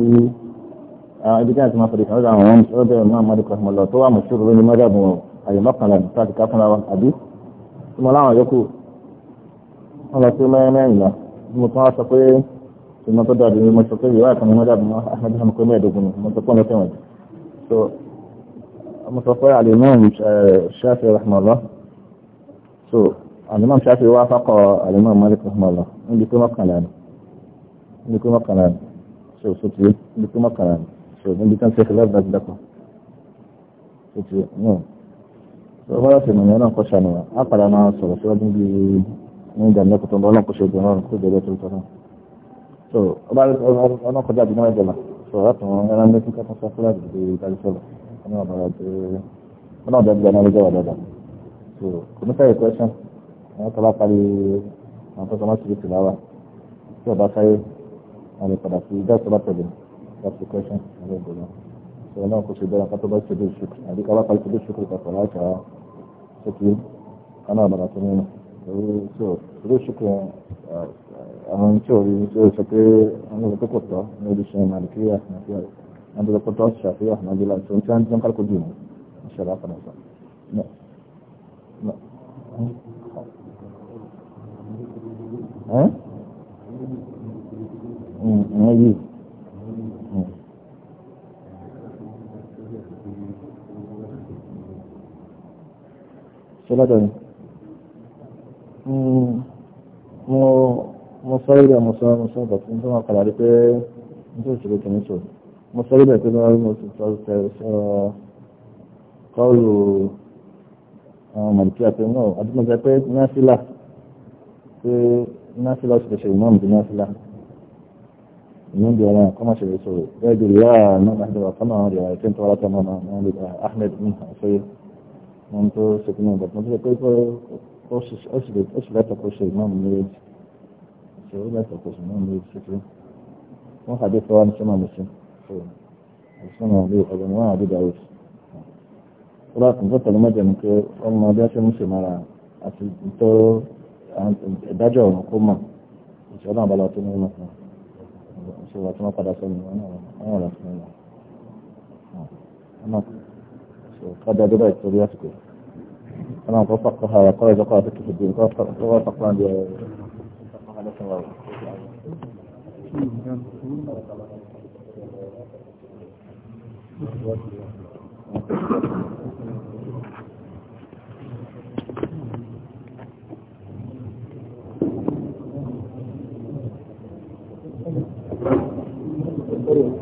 ibi tí wọ́n ti máa fọ̀dé kan lọ́dọ̀ àwọn ọmọdé kan lọ tó wà mọ̀ ṣòro lórí mọ́dàbọ̀n àyè mọ́kànlá ní sáà ti ká fúnra wọn àbí tí mo láwọn yòókù wọn lọ sí mẹ́rin lọ bí mo tún wá sọ pé ṣùgbọ́n tó dàbí mo sọ pé ìwà ìkan mo dàbí mọ́ ahmed hamid kó mẹ́ẹ̀ẹ́dógún ni mo sọ pé ọ̀nà tẹ̀wọ̀n so mo sọ pé alimam shafi rahmanlọ so alimam shafi wá fakọ alimam malik rahmanlọ níbi pé mọ́kànlá ni níbi pé mọ́kànlá ni so so ti níbi pé mọ́kànlá ni so níbi tán ṣe kí lọ́dọ̀ dákọ̀ so tó bá láti mọ̀ ní ọlọ́run kọ́ ṣàánú wa á padà máa sọ̀rọ̀ síwájú bí ní ìjà mẹ́kọ̀ọ́ tó ń bọ̀ ọlọ́run kọ́ ṣoògùn ọlọ́run kó jẹ́jẹ́ tó tọ́ náà so ọba ọlọ́run kọjá àbí náà jọba so láti wọn ẹran ní kíkà tó sọ́kúrò àti ìdájú sọ̀rọ̀ ọlọ́run bàbá jẹ́ ọlọ́run bàbá jẹ́ ọlọ́run bàbá jẹ́ so kò ní sẹ́yìn question àwọn tó bá parí àwọn tó sọmọ́ síbi tìláwà tí ọba sáyé wọn lè padà sí ìjọ́ tó sọ̀rọ̀ náà kò ṣe bẹ́ẹ̀ ká tó bá ṣe bẹ́ẹ̀ ṣùkú àbí ká bá parí ṣe bẹ́ẹ̀ ṣùkú So láti ara ṣe kí ká náà bàbá tó nínú ìlú ṣùkú àwọn tí ò rí tí ó sọ pé àwọn olùkọ́ kò tọ́ ní orí ṣe màlìkíyà àti àdúrókòtò ṣàfihàn àmàdúrà tó ń tí wọ́n ti ń kálukú jù ní ìṣẹ̀lá kan náà Hein? Hein? Hein? ṣe lọ́dọ̀ ni mo sọ ilẹ̀ mo sọ mo sọ bọ̀tí tó wọn kàlà rí pé n tó ṣe kìíní sọ mo sọ ilẹ̀ pé wọ́n rí mo sì sọ kọ́ọ̀lù àwọn mọ̀lùkí àti náà adúmọ̀jẹ́ pé násílà pé násílà ṣe ṣe ìmọ̀ nìdí násílà من ديانا كما شيء يسوي يدري يا من أحد وطنه أحمد منها أصير wọn tó ṣètò náà bàtà tó pé ó sì lẹ́tọ̀ọ́ ṣe ìmọ̀ mi méjì ṣe ó lẹ́tọ̀ọ́ ṣe ìmọ̀ mi méjì ṣètò wọn fàdé fẹ́ wá ní sọ́mọ̀ mi sí ẹ̀sùn náà lè ọ̀gbọ̀n wọn àdúgbò àwọn oṣù ó bá kùn tó tẹ̀lé mọ́jọ ní pé ọmọ bí wọ́n ṣe ń ṣe mara àti tó ìdájọ́ ọ̀run kó mọ̀ ìṣọ́nà àbálọ́ قدر بيت سورياتك أنا أتفقها قوة قوة قوة قوة قوة قوة قوة قوة قوة Thank you.